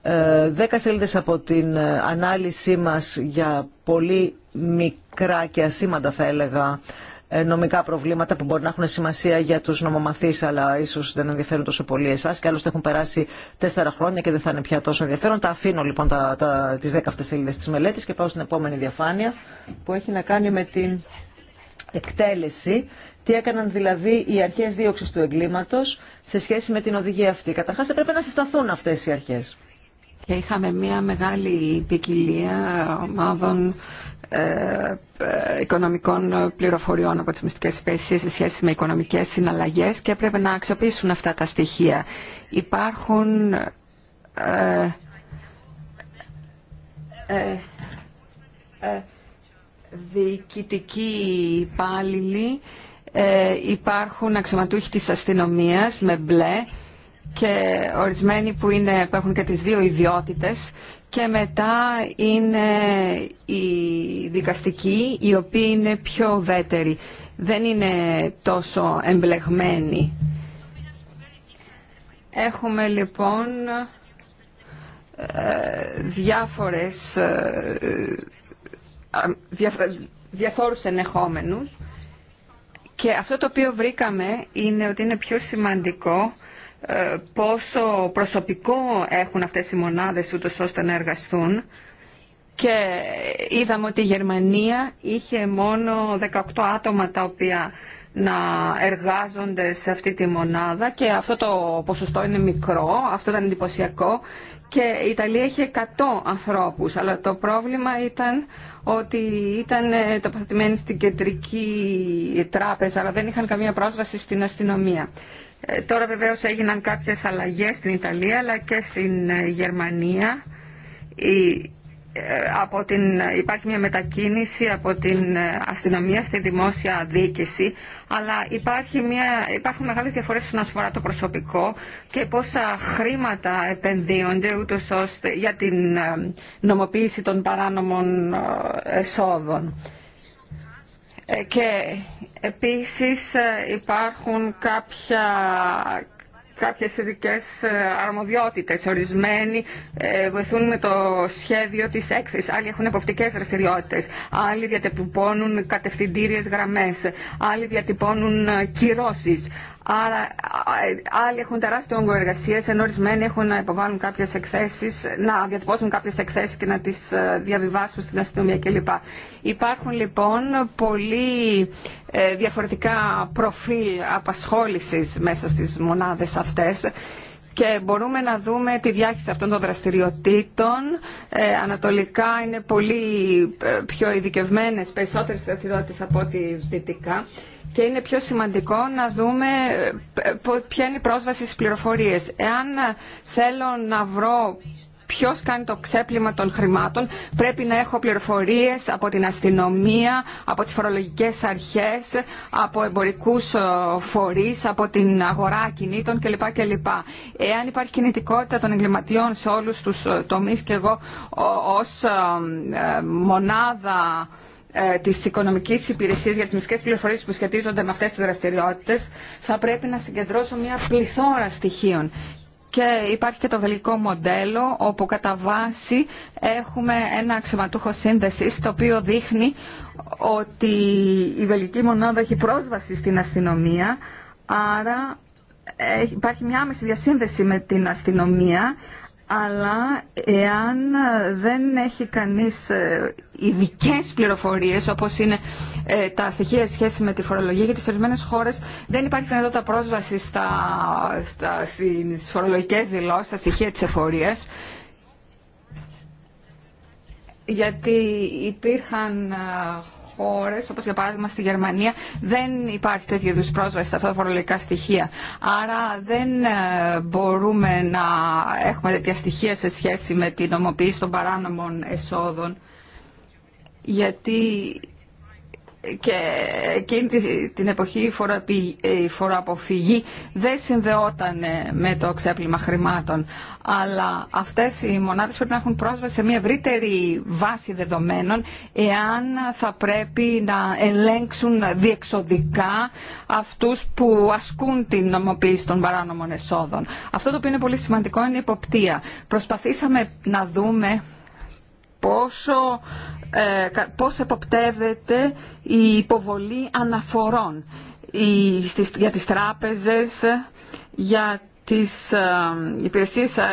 Ε, δέκα σελίδες από την ε, ανάλυση μας για πολύ μικρά και ασήμαντα θα έλεγα ε, νομικά προβλήματα που μπορεί να έχουν σημασία για τους νομομαθείς αλλά ίσως δεν ενδιαφέρουν τόσο πολύ εσάς και άλλωστε έχουν περάσει τέσσερα χρόνια και δεν θα είναι πια τόσο ενδιαφέρον. Τα αφήνω λοιπόν τα, τις δέκα αυτές σελίδες της μελέτης και πάω στην επόμενη διαφάνεια που έχει να κάνει με την εκτέλεση. Τι έκαναν δηλαδή οι αρχές δίωξης του εγκλήματος σε σχέση με την οδηγία αυτή. Καταρχάς έπρεπε να συσταθούν αυτές οι αρχές και είχαμε μια μεγάλη ποικιλία ομάδων ε, ε, οικονομικών πληροφοριών από τις μυστικές υπηρεσίες σε σχέση με οικονομικές συναλλαγές και έπρεπε να αξιοποιήσουν αυτά τα στοιχεία. Υπάρχουν ε, ε, ε, διοικητικοί υπάλληλοι, ε, υπάρχουν αξιωματούχοι της αστυνομίας με μπλε και ορισμένοι που, είναι, έχουν και τις δύο ιδιότητες και μετά είναι οι δικαστικοί οι οποίοι είναι πιο ουδέτεροι. Δεν είναι τόσο εμπλεγμένοι. Έχουμε λοιπόν ε, διάφορες ε, ε, διαφόρους ενεχόμενους και αυτό το οποίο βρήκαμε είναι ότι είναι πιο σημαντικό ε, πόσο προσωπικό έχουν αυτές οι μονάδες ούτως ώστε να εργαστούν και είδαμε ότι η Γερμανία είχε μόνο 18 άτομα τα οποία να εργάζονται σε αυτή τη μονάδα και αυτό το ποσοστό είναι μικρό, αυτό ήταν εντυπωσιακό και η Ιταλία είχε 100 ανθρώπους, αλλά το πρόβλημα ήταν ότι ήταν τοποθετημένοι στην κεντρική τράπεζα, αλλά δεν είχαν καμία πρόσβαση στην αστυνομία. Ε, τώρα βεβαίως έγιναν κάποιες αλλαγές στην Ιταλία αλλά και στην ε, Γερμανία. Η, ε, από την, υπάρχει μια μετακίνηση από την αστυνομία στη δημόσια διοίκηση, αλλά υπάρχει μια, υπάρχουν μεγάλες διαφορές στον αφορά το προσωπικό και πόσα χρήματα επενδύονται ούτως ώστε για την νομοποίηση των παράνομων εσόδων. Ε, και επίσης ε, υπάρχουν κάποια, κάποιες ειδικέ ε, αρμοδιότητες. Ορισμένοι βοηθούν με το σχέδιο της έκθεσης, άλλοι έχουν εποπτικές δραστηριότητες, άλλοι διατυπώνουν κατευθυντήριες γραμμές, άλλοι διατυπώνουν κυρώσεις, Άρα ε, άλλοι έχουν τεράστιο όγκο εργασία, ενώ ορισμένοι έχουν να υποβάλουν κάποιε εκθέσει, να διατυπώσουν κάποιε εκθέσει και να τι ε, διαβιβάσουν στην αστυνομία κλπ. Υπάρχουν λοιπόν πολύ ε, διαφορετικά προφίλ απασχόλησης μέσα στις μονάδες αυτές και μπορούμε να δούμε τη διάχυση αυτών των δραστηριοτήτων. ανατολικά είναι πολύ πιο ειδικευμένες, περισσότερες δραστηριότητες από ό,τι δυτικά και είναι πιο σημαντικό να δούμε ε, ποια είναι η πρόσβαση στις πληροφορίες. Εάν ε, θέλω να βρω ποιος κάνει το ξέπλυμα των χρημάτων, πρέπει να έχω πληροφορίες από την αστυνομία, από τις φορολογικές αρχές, από εμπορικούς ε, φορείς, από την αγορά κινήτων κλπ. κλπ. Εάν υπάρχει κινητικότητα των εγκληματιών σε όλους τους τομείς και εγώ ως μονάδα ε, Τη οικονομική υπηρεσία για τις μυστικέ πληροφορίε που σχετίζονται με αυτές τις δραστηριότητες θα πρέπει να συγκεντρώσω μια πληθώρα στοιχείων. Και υπάρχει και το βελικό μοντέλο όπου κατά βάση έχουμε ένα αξιωματούχο σύνδεση, το οποίο δείχνει ότι η βελική μονάδα έχει πρόσβαση στην αστυνομία άρα ε, υπάρχει μια άμεση διασύνδεση με την αστυνομία αλλά εάν ε, δεν έχει κανείς ε, ειδικέ πληροφορίες όπως είναι ε, τα στοιχεία σχέση με τη φορολογία γιατί σε ορισμένες χώρες δεν υπάρχει δυνατότητα πρόσβαση στα, στα, στις φορολογικές δηλώσεις, στα στοιχεία της εφορίας γιατί υπήρχαν χώρες, όπως για παράδειγμα στη Γερμανία, δεν υπάρχει τέτοιου είδου πρόσβαση σε αυτά τα φορολογικά στοιχεία. Άρα δεν ε, μπορούμε να έχουμε τέτοια στοιχεία σε σχέση με την νομοποίηση των παράνομων εσόδων, γιατί και εκείνη την εποχή η φοροαποφυγή δεν συνδεόταν με το ξέπλυμα χρημάτων. Αλλά αυτές οι μονάδες πρέπει να έχουν πρόσβαση σε μια ευρύτερη βάση δεδομένων εάν θα πρέπει να ελέγξουν διεξοδικά αυτούς που ασκούν την νομοποίηση των παράνομων εσόδων. Αυτό το οποίο είναι πολύ σημαντικό είναι η υποπτία. Προσπαθήσαμε να δούμε πόσο, ε, πώς εποπτεύεται η υποβολή αναφορών για τις τράπεζες, για τις υπηρεσίες ε,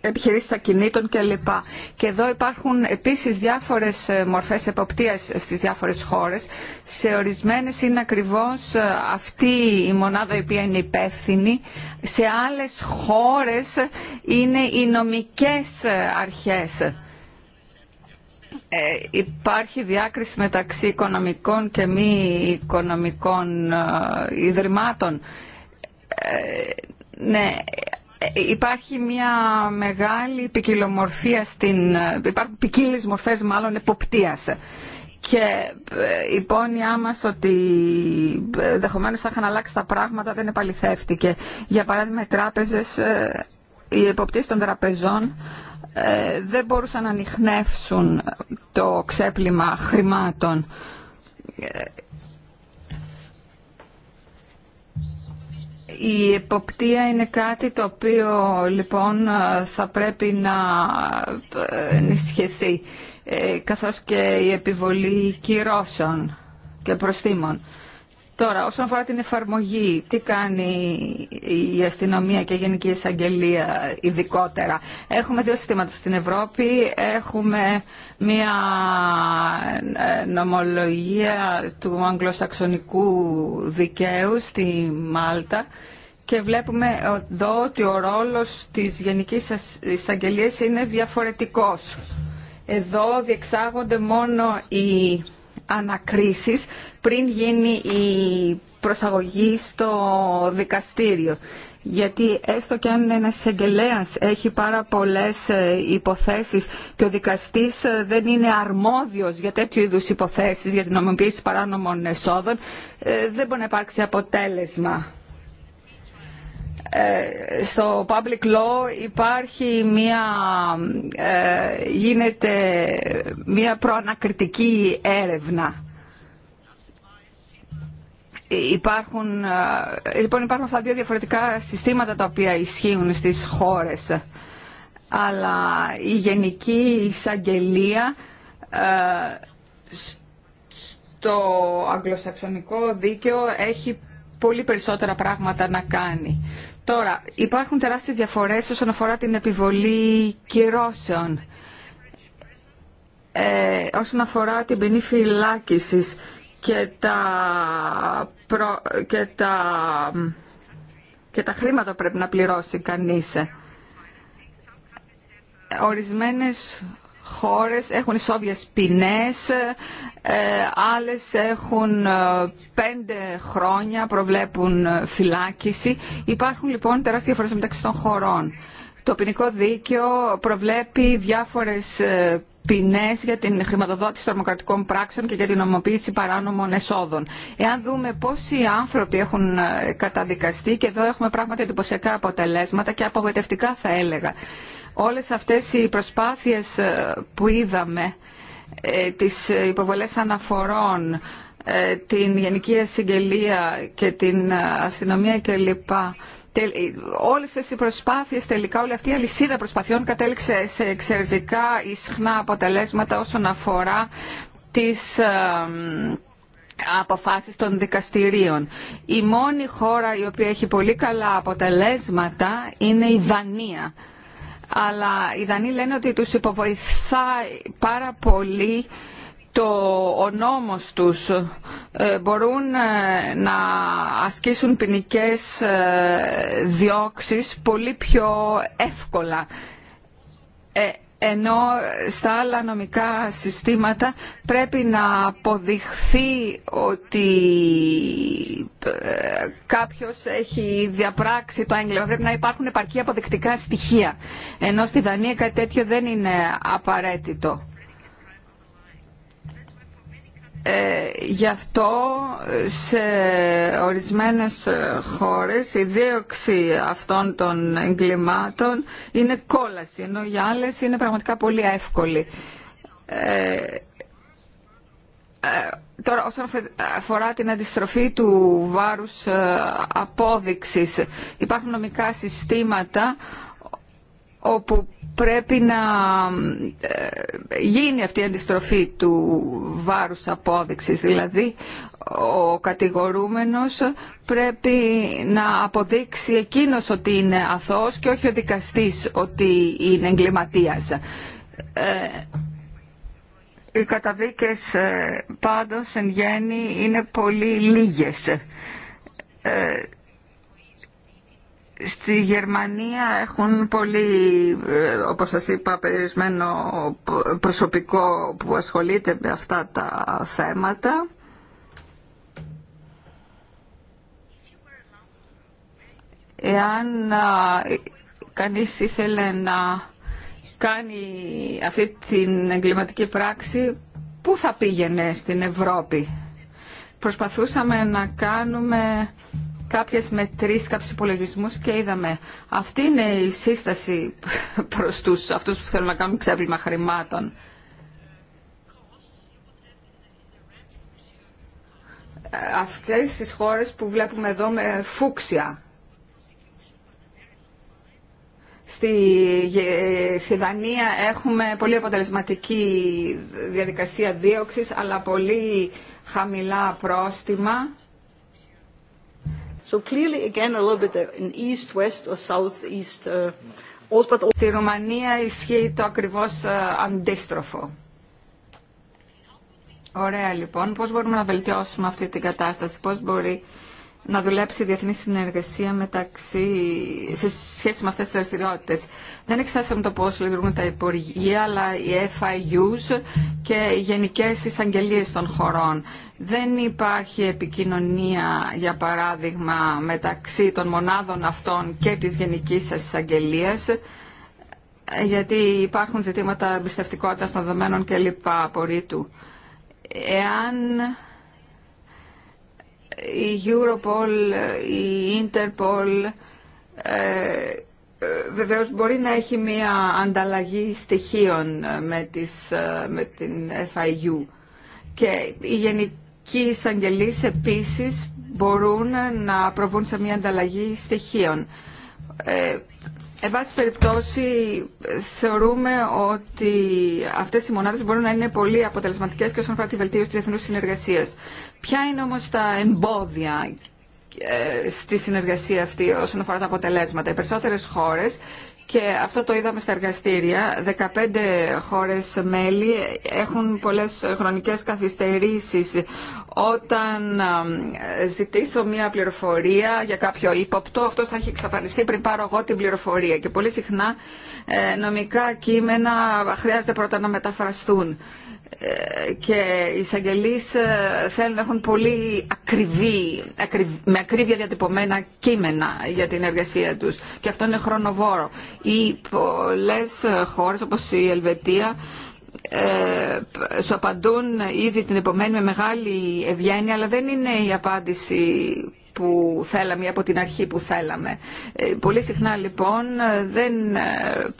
επιχειρήσεις ακινήτων κλπ. Και εδώ υπάρχουν επίσης διάφορες ε, μορφές εποπτείας στις διάφορες χώρες. Σε ορισμένες είναι ακριβώς ε, αυτή η μονάδα η οποία είναι υπεύθυνη. Σε άλλες χώρες είναι οι νομικές ε, αρχές. Ε, υπάρχει διάκριση μεταξύ οικονομικών και μη οικονομικών ιδρυμάτων. ναι, ε, υπάρχει μια μεγάλη ποικιλομορφία στην... Ε, υπάρχουν ποικίλε μορφές μάλλον εποπτείας. Και ε, η πόνοιά μα ότι δεχομένω θα είχαν αλλάξει τα πράγματα δεν επαληθεύτηκε. Για παράδειγμα, οι τράπεζε, οι των τραπεζών δεν μπορούσαν να ανοιχνεύσουν το ξέπλυμα χρημάτων Η εποπτεία είναι κάτι το οποίο λοιπόν θα πρέπει να ε, ενισχυθεί ε, καθώς και η επιβολή κυρώσεων και προστήμων. Τώρα, όσον αφορά την εφαρμογή, τι κάνει η αστυνομία και η Γενική Εισαγγελία ειδικότερα. Έχουμε δύο συστήματα στην Ευρώπη. Έχουμε μια ε, νομολογία του αγγλοσαξονικού δικαίου στη Μάλτα και βλέπουμε εδώ ότι ο ρόλος της Γενικής Εισαγγελίας είναι διαφορετικός. Εδώ διεξάγονται μόνο οι ανακρίσεις πριν γίνει η προσαγωγή στο δικαστήριο. Γιατί έστω και αν ένα εγγελέας έχει πάρα πολλέ ε, υποθέσει και ο δικαστή ε, δεν είναι αρμόδιο για τέτοιου είδου υποθέσει για την νομιμοποίηση παράνομων εσόδων, ε, δεν μπορεί να υπάρξει αποτέλεσμα. Στο public law υπάρχει μια, γίνεται μια προανακριτική έρευνα Υπάρχουν, λοιπόν, υπάρχουν αυτά δύο διαφορετικά συστήματα τα οποία ισχύουν στις χώρες. Αλλά η Γενική Εισαγγελία στο αγγλοσαξονικό δίκαιο έχει πολύ περισσότερα πράγματα να κάνει. Τώρα, υπάρχουν τεράστιες διαφορές όσον αφορά την επιβολή κυρώσεων. Ε, όσον αφορά την ποινή φυλάκισης και τα, προ... και τα... και τα χρήματα πρέπει να πληρώσει κανείς. Ορισμένες χώρες έχουν ισόβιες ποινές, ε, άλλες έχουν ε, πέντε χρόνια, προβλέπουν φυλάκιση. Υπάρχουν λοιπόν τεράστια διαφορές μεταξύ των χωρών. Το ποινικό δίκαιο προβλέπει διάφορες ε, Ποινέ για την χρηματοδότηση τρομοκρατικών πράξεων και για την νομοποίηση παράνομων εσόδων. Εάν δούμε πόσοι άνθρωποι έχουν ε, καταδικαστεί και εδώ έχουμε πράγματι εντυπωσιακά αποτελέσματα και απογοητευτικά θα έλεγα. Όλες αυτές οι προσπάθειες ε, που είδαμε, ε, τις υποβολές αναφορών, την Γενική Ασυγγελία και την αστυνομία κλπ όλες αυτές οι προσπάθειες τελικά όλη αυτή η αλυσίδα προσπαθειών κατέληξε σε εξαιρετικά ισχνά αποτελέσματα όσον αφορά τις αποφάσεις των δικαστηρίων. Η μόνη χώρα η οποία έχει πολύ καλά αποτελέσματα είναι η Δανία. Αλλά οι Δανείοι λένε ότι τους υποβοηθάει πάρα πολύ το, ο νόμος τους ε, μπορούν ε, να ασκήσουν ποινικέ ε, διώξεις πολύ πιο εύκολα ενώ στα άλλα νομικά συστήματα πρέπει να αποδειχθεί ότι κάποιος έχει διαπράξει το έγκλημα. Πρέπει να υπάρχουν επαρκή αποδεικτικά στοιχεία. Ενώ στη Δανία κάτι τέτοιο δεν είναι απαραίτητο. Ε, γι' αυτό ε, σε ορισμένες ε, χώρες η δίωξη αυτών των εγκλημάτων είναι κόλαση, ενώ για άλλες είναι πραγματικά πολύ εύκολη. Ε, ε τώρα όσον αφορά την αντιστροφή του βάρους απόδειξης υπάρχουν νομικά συστήματα όπου πρέπει να ε, γίνει αυτή η αντιστροφή του βάρους απόδειξης. Δηλαδή, ο κατηγορούμενος πρέπει να αποδείξει εκείνος ότι είναι αθώος και όχι ο δικαστής ότι είναι εγκληματίας. Ε, οι καταδίκες ε, πάντως εν γέννη είναι πολύ λίγες Στη Γερμανία έχουν πολύ, ε, όπως σας είπα, περιορισμένο προσωπικό που ασχολείται με αυτά τα θέματα. Εάν κανείς ήθελε να κάνει αυτή την εγκληματική πράξη, πού θα πήγαινε στην Ευρώπη. Προσπαθούσαμε να κάνουμε κάποιες μετρήσεις, κάποιου υπολογισμού και είδαμε. Αυτή είναι η σύσταση προς τους, αυτούς που θέλουν να κάνουν ξέπλυμα χρημάτων. Αυτές τις χώρες που βλέπουμε εδώ με φούξια. Στη, στη Δανία έχουμε πολύ αποτελεσματική διαδικασία δίωξης, αλλά πολύ χαμηλά πρόστιμα So clearly Στη Ρουμανία ισχύει το ακριβώς ε, αντίστροφο. Ωραία λοιπόν. Πώς μπορούμε να βελτιώσουμε αυτή την κατάσταση, πώς μπορεί να δουλέψει η διεθνή συνεργασία μεταξύ, σε σχέση με αυτές τις δραστηριότητε. Δεν εξετάσαμε το πώς λειτουργούν τα υπουργεία, αλλά οι FIUs και οι γενικές εισαγγελίες των χωρών. Δεν υπάρχει επικοινωνία, για παράδειγμα, μεταξύ των μονάδων αυτών και της Γενικής σας Εισαγγελίας, γιατί υπάρχουν ζητήματα εμπιστευτικότητας των δεδομένων και λοιπά απορρίτου. Εάν η Europol, η Interpol, ε, ε, βεβαίως μπορεί να έχει μία ανταλλαγή στοιχείων με, τις, ε, με την FIU και η, γενική και οι εισαγγελείς επίσης μπορούν να προβούν σε μια ανταλλαγή στοιχείων. Ε, Εν πάση περιπτώσει θεωρούμε ότι αυτές οι μονάδες μπορούν να είναι πολύ αποτελεσματικές και όσον αφορά τη βελτίωση της διεθνούς συνεργασίας. Ποια είναι όμως τα εμπόδια ε, στη συνεργασία αυτή όσον αφορά τα αποτελέσματα. Οι περισσότερες χώρες και αυτό το είδαμε στα εργαστήρια. 15 χώρες μέλη έχουν πολλές χρονικές καθυστερήσεις. Όταν ζητήσω μία πληροφορία για κάποιο ύποπτο, αυτό θα έχει εξαφανιστεί πριν πάρω εγώ την πληροφορία. Και πολύ συχνά ε, νομικά κείμενα χρειάζεται πρώτα να μεταφραστούν. Ε, και οι εισαγγελείς ε, θέλουν να έχουν πολύ ακριβή, με ακρίβεια διατυπωμένα κείμενα για την εργασία τους και αυτό είναι χρονοβόρο. Ή πολλές ε, χώρες όπως Οι Ελβετία σου απαντούν ήδη την επομένη με μεγάλη ευγένεια αλλά δεν είναι η απάντηση που θέλαμε ή από την αρχή που θέλαμε. Ε, πολύ συχνά λοιπόν δεν ε,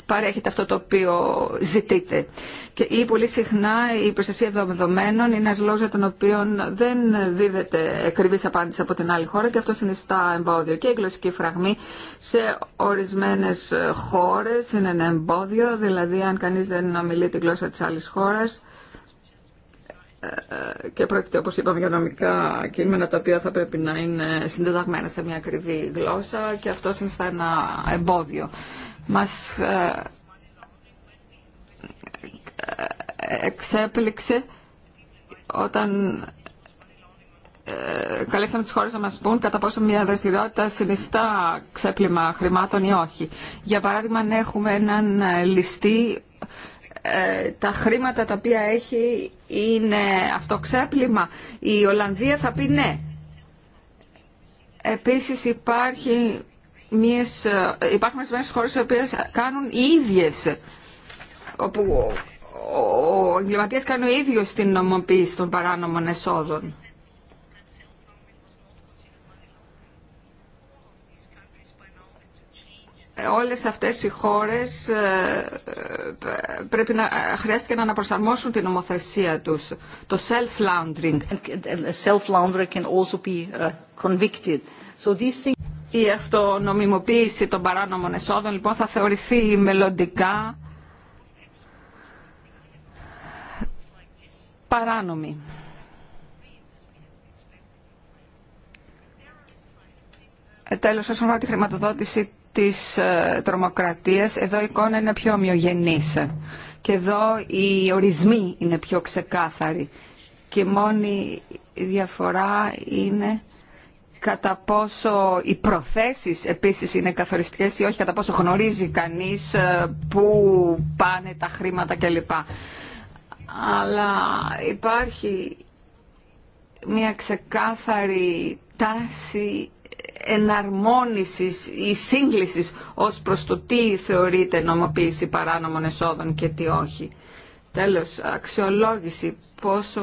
παρέχεται αυτό το οποίο ζητείτε. Και ή πολύ συχνά η προστασία δεδομένων είναι ένα λόγο για τον οποίο δεν δίδεται ακριβή απάντηση από την άλλη χώρα και αυτό συνιστά εμπόδιο. Και η γλωσσική φραγμή σε ορισμένε χώρε είναι ένα εμπόδιο, δηλαδή αν κανεί δεν ομιλεί τη γλώσσα τη άλλη χώρα και πρόκειται όπως είπαμε για νομικά κείμενα τα οποία θα πρέπει να είναι συντεταγμένα σε μια ακριβή γλώσσα και αυτό είναι ένα εμπόδιο. Μας ε, ε, εξέπληξε όταν ε, καλέσαμε τις χώρες να μας πούν κατά πόσο μια δραστηριότητα συνιστά ξέπλυμα χρημάτων ή όχι. Για παράδειγμα, έχουμε έναν ληστή ε, τα χρήματα τα οποία έχει είναι αυτοξέπλημα. Η Ολλανδία θα πει ναι. Επίσης υπάρχει μιες, ε, υπάρχουν μέσα χώρες οι οποίες κάνουν οι ίδιες όπου ο εγκληματίας κάνει ο ίδιος την νομοποίηση των παράνομων εσόδων. όλες αυτές οι χώρες ε, πρέπει να, χρειάστηκε να αναπροσαρμόσουν την νομοθεσία τους. Το self-laundering. Self-laundering can also be uh, convicted. So these things... Η αυτονομιμοποίηση των παράνομων εσόδων λοιπόν θα θεωρηθεί μελλοντικά παράνομη. Ε, τέλος, όσον αφορά τη χρηματοδότηση της ε, τρομοκρατίας, εδώ η εικόνα είναι πιο ομοιογενής. Και εδώ οι ορισμοί είναι πιο ξεκάθαροι. Και μόνη διαφορά είναι κατά πόσο οι προθέσεις επίσης είναι καθοριστικές ή όχι, κατά πόσο γνωρίζει κανείς ε, πού πάνε τα χρήματα κλπ. Αλλά υπάρχει μια ξεκάθαρη τάση εναρμόνισης ή σύγκλησης ως προς το τι θεωρείται νομοποίηση παράνομων εσόδων και τι όχι. Τέλος, αξιολόγηση πόσο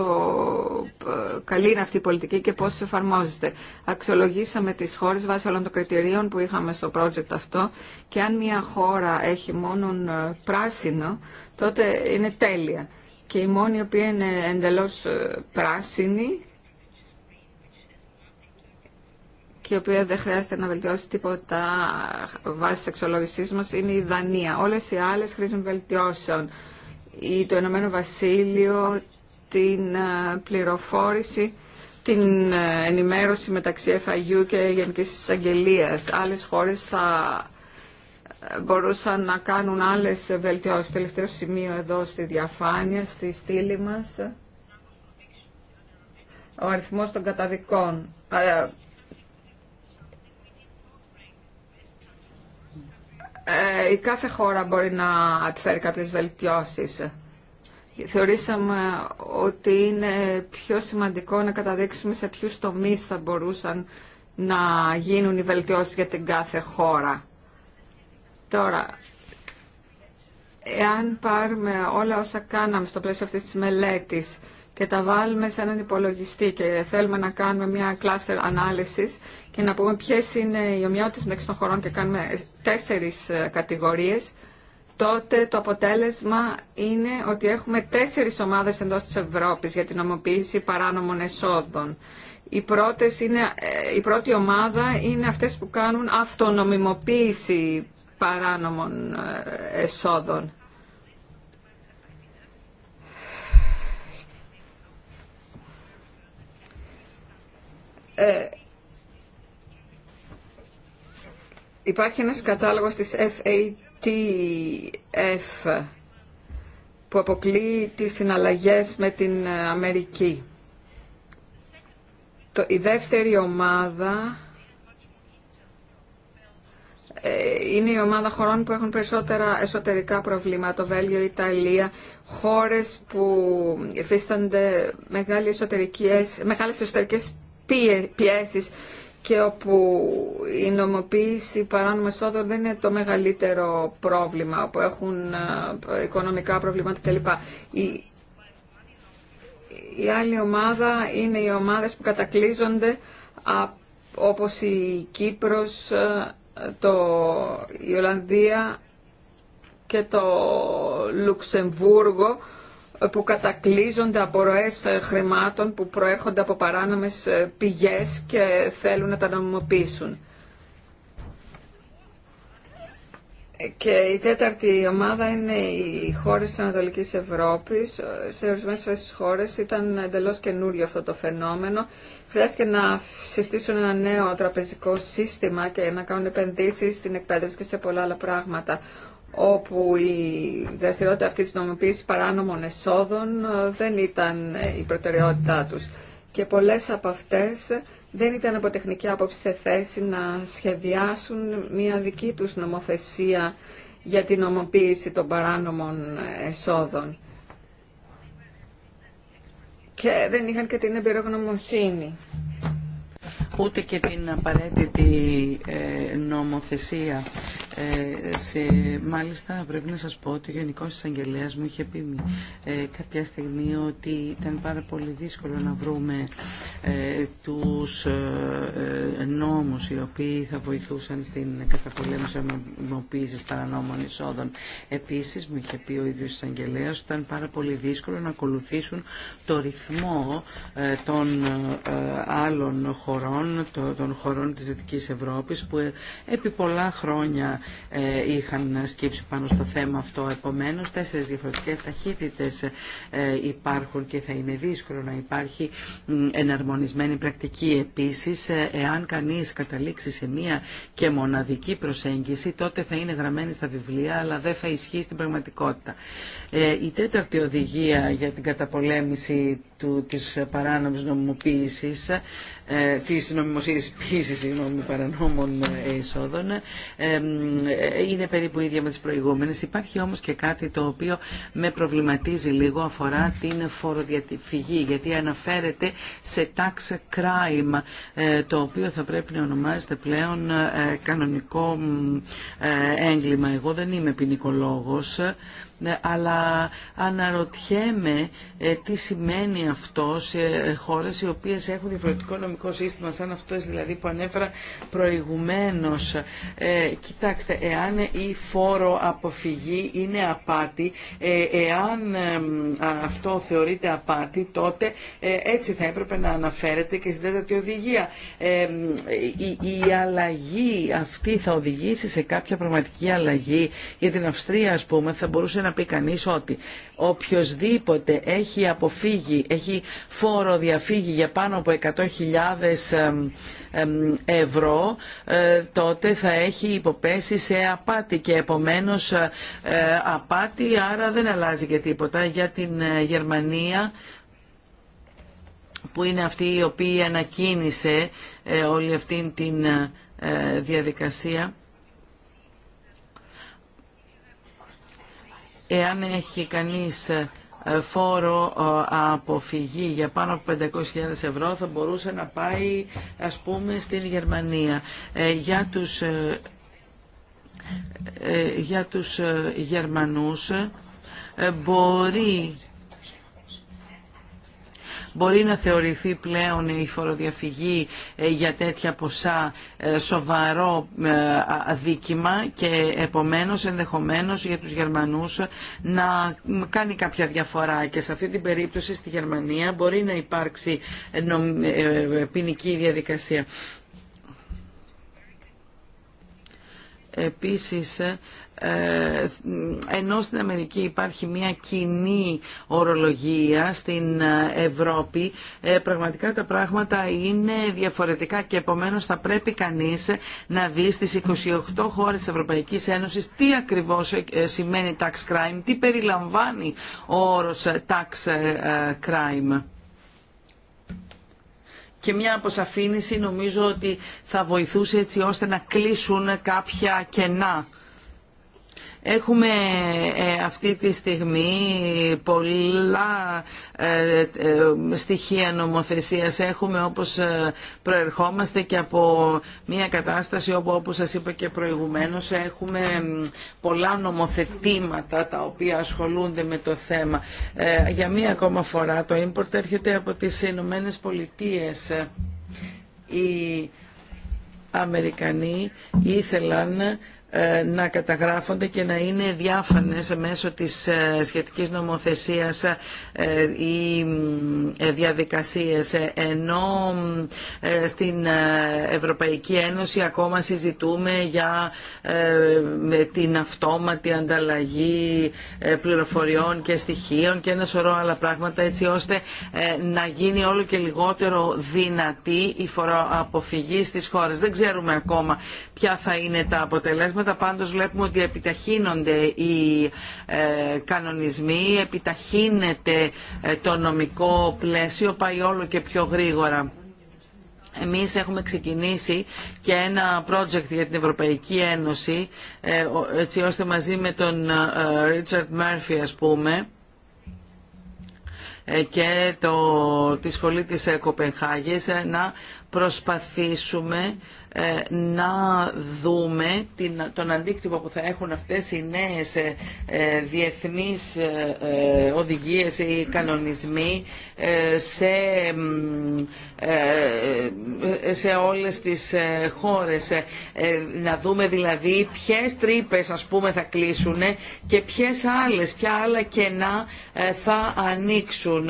ε, καλή είναι αυτή η πολιτική και πόσο εφαρμόζεται. Αξιολογήσαμε τις χώρες βάσει όλων των κριτηρίων που είχαμε στο project αυτό και αν μια χώρα έχει μόνο ε, πράσινο, τότε είναι τέλεια. Και η μόνη η οποία είναι εντελώς ε, πράσινη και η οποία δεν χρειάζεται να βελτιώσει τίποτα βάσει εξολόγησή μα είναι η Δανία. Όλε οι άλλε χρήζουν βελτιώσεων. το Ηνωμένο Βασίλειο, την ε, πληροφόρηση, την ε, ενημέρωση μεταξύ FIU και γενική εισαγγελία. Άλλες χώρε θα ε, μπορούσαν να κάνουν άλλες βελτιώσεις. Τελευταίο σημείο εδώ στη διαφάνεια, στη στήλη μα, ο αριθμός των καταδικών. Ε, η κάθε χώρα μπορεί να φέρει κάποιες βελτιώσεις. Θεωρήσαμε ότι είναι πιο σημαντικό να καταδείξουμε σε ποιους τομείς θα μπορούσαν να γίνουν οι βελτιώσεις για την κάθε χώρα. Τώρα, εάν πάρουμε όλα όσα κάναμε στο πλαίσιο αυτής της μελέτης, και τα βάλουμε σε έναν υπολογιστή και θέλουμε να κάνουμε μια cluster ανάλυση και να πούμε ποιε είναι οι ομοιότητες μεταξύ των χωρών και κάνουμε τέσσερι ε, κατηγορίε. τότε το αποτέλεσμα είναι ότι έχουμε τέσσερι ομάδε εντό τη Ευρώπη για την ομοποίηση παράνομων εσόδων. πρώτες είναι, ε, η πρώτη ομάδα είναι αυτές που κάνουν αυτονομιμοποίηση παράνομων ε, εσόδων. Ε, υπάρχει ένας κατάλογος της FATF που αποκλεί τις συναλλαγές με την Αμερική. Το, η δεύτερη ομάδα ε, είναι η ομάδα χωρών που έχουν περισσότερα εσωτερικά προβλήματα, το Βέλγιο, η Ιταλία, χώρες που υφίστανται μεγάλες εσωτερικές, μεγάλες εσωτερικές πιέσεις και όπου η νομοποίηση με εισόδων δεν είναι το μεγαλύτερο πρόβλημα, που έχουν οικονομικά προβλήματα κλπ. Η, άλλη ομάδα είναι οι ομάδες που κατακλείζονται όπως η Κύπρος, το, η Ολλανδία και το Λουξεμβούργο που κατακλείζονται από ροές ε, χρημάτων που προέρχονται από παράνομες ε, πηγές και θέλουν να τα νομιμοποιήσουν. Και η τέταρτη ομάδα είναι οι χώρες της Ανατολικής Ευρώπης. Σε ορισμένες χώρες ήταν εντελώς καινούριο αυτό το φαινόμενο. Χρειάστηκε να συστήσουν ένα νέο τραπεζικό σύστημα και να κάνουν επενδύσεις στην εκπαίδευση και σε πολλά άλλα πράγματα όπου η δραστηριότητα αυτή της νομοποίησης παράνομων εσόδων ε, δεν ήταν ε, η προτεραιότητά τους. Και πολλές από αυτές δεν ήταν από τεχνική άποψη σε θέση να σχεδιάσουν μια δική τους νομοθεσία για την νομοποίηση των παράνομων εσόδων. Και δεν είχαν και την εμπειρογνωμοσύνη. Ούτε και την απαραίτητη ε, νομοθεσία. Ε, σε, μάλιστα πρέπει να σας πω ότι ο Γενικός Εισαγγελέας μου είχε πει ε, κάποια στιγμή ότι ήταν πάρα πολύ δύσκολο να βρούμε ε, τους ε, ε, νόμους οι οποίοι θα βοηθούσαν στην καταπολέμηση ομοποίησης παρανόμων εισόδων. Επίσης μου είχε πει ο ίδιος Εισαγγελέας ότι ήταν πάρα πολύ δύσκολο να ακολουθήσουν το ρυθμό των άλλων χωρών, των χωρών της Δυτικής Ευρώπης που επί πολλά χρόνια ε, είχαν σκύψει πάνω στο θέμα αυτό. Επομένως, τέσσερις διαφορετικές ταχύτητες ε, υπάρχουν και θα είναι δύσκολο να υπάρχει εναρμονισμένη πρακτική. Επίσης, ε, εάν κανείς καταλήξει σε μία και μοναδική προσέγγιση, τότε θα είναι γραμμένη στα βιβλία, αλλά δεν θα ισχύει στην πραγματικότητα. Η τέταρτη οδηγία για την καταπολέμηση του, της παράνομης νομιμοποίησης, της νομιμοσύνης (laughs) ποιήσης παρανόμων εισόδων, είναι περίπου ίδια με τις προηγούμενες. Υπάρχει όμως και κάτι το οποίο με προβληματίζει λίγο αφορά την φοροδιαφυγή γιατί αναφέρεται σε tax crime ε, το οποίο θα πρέπει να ονομάζεται πλέον ε, κανονικό ε, έγκλημα. Εγώ δεν είμαι ποινικολόγος ναι, αλλά αναρωτιέμαι ε, τι σημαίνει αυτό σε χώρες οι οποίες έχουν διαφορετικό νομικό σύστημα, σαν αυτές δηλαδή που ανέφερα προηγουμένως. Ε, κοιτάξτε, εάν η φόρο αποφυγή είναι απάτη, ε, εάν αυτό θεωρείται απάτη, τότε έτσι θα έπρεπε να αναφέρεται και στην τέταρτη οδηγία. Η, η αλλαγή αυτή θα οδηγήσει σε κάποια πραγματική αλλαγή. Για την Αυστρία, ας πούμε, θα μπορούσε να πει κανείς ότι οποιοδήποτε έχει αποφύγει, έχει φόρο διαφύγει για πάνω από 100.000 ευρώ, ε, τότε θα έχει υποπέσει σε απάτη και επομένως ε, ε, απάτη, άρα δεν αλλάζει και τίποτα για την Γερμανία που είναι αυτή η οποία ανακοίνησε όλη αυτή την διαδικασία εάν έχει κανείς ε, φόρο ε, αποφυγή για πάνω από 500.000 ευρώ θα μπορούσε να πάει ας πούμε στην Γερμανία. Ε, για τους, για τους Γερμανούς μπορεί Μπορεί να θεωρηθεί πλέον η φοροδιαφυγή ε, για τέτοια ποσά ε, σοβαρό ε, αδίκημα και επομένως ενδεχομένως για τους Γερμανούς να κάνει κάποια διαφορά και σε αυτή την περίπτωση στη Γερμανία μπορεί να υπάρξει ποινική διαδικασία. Επίσης, ε, ενώ στην Αμερική υπάρχει μια κοινή ορολογία στην ε, Ευρώπη ε, πραγματικά τα πράγματα είναι διαφορετικά και επομένως θα πρέπει κανείς να δει στις 28 χώρες της Ευρωπαϊκής Ένωσης τι ακριβώς σημαίνει tax crime, τι περιλαμβάνει ο όρος tax crime και μια αποσαφήνιση νομίζω ότι θα βοηθούσε έτσι ώστε να κλείσουν κάποια κενά. Έχουμε ε, αυτή τη στιγμή πολλά ε, ε, στοιχεία νομοθεσίας. Έχουμε όπως προερχόμαστε και από μια κατάσταση όπου όπως σας είπα και προηγουμένως έχουμε πολλά νομοθετήματα τα οποία ασχολούνται με το θέμα. Για μία ακόμα φορά το import έρχεται από τις Ηνωμένε Πολιτείε. Οι Αμερικανοί ήθελαν ε, να καταγράφονται και να είναι διάφανες μέσω της ε, σχετικής νομοθεσίας ή ε, διαδικασίες. Ενώ στην Ευρωπαϊκή Ένωση ακόμα συζητούμε για την αυτόματη ανταλλαγή πληροφοριών και στοιχείων και ένα σωρό άλλα πράγματα έτσι ώστε να γίνει όλο και λιγότερο δυνατή η φοροαποφυγή στις χώρες. Δεν ξέρουμε ακόμα ποια θα είναι τα αποτελέσματα τα πάντως βλέπουμε ότι επιταχύνονται οι ε, κανονισμοί, επιταχύνεται ε, το νομικό πλαίσιο, πάει όλο και πιο γρήγορα. Εμείς έχουμε ξεκινήσει και ένα project για την Ευρωπαϊκή Ένωση, ε, έτσι ώστε μαζί με τον Ρίτσαρτ Μέρφυ ας πούμε, και το, τη σχολή της Κοπενχάγης να προσπαθήσουμε ε, να δούμε τον αντίκτυπο που θα έχουν αυτές οι νέες ε, ε, διεθνείς οδηγίες ή κανονισμοί σε, σε όλες τις χώρες. Να δούμε δηλαδή ποιες τρύπες ας πούμε θα κλείσουν και ποιες άλλες, ποια άλλα κενά θα ανοίξουν.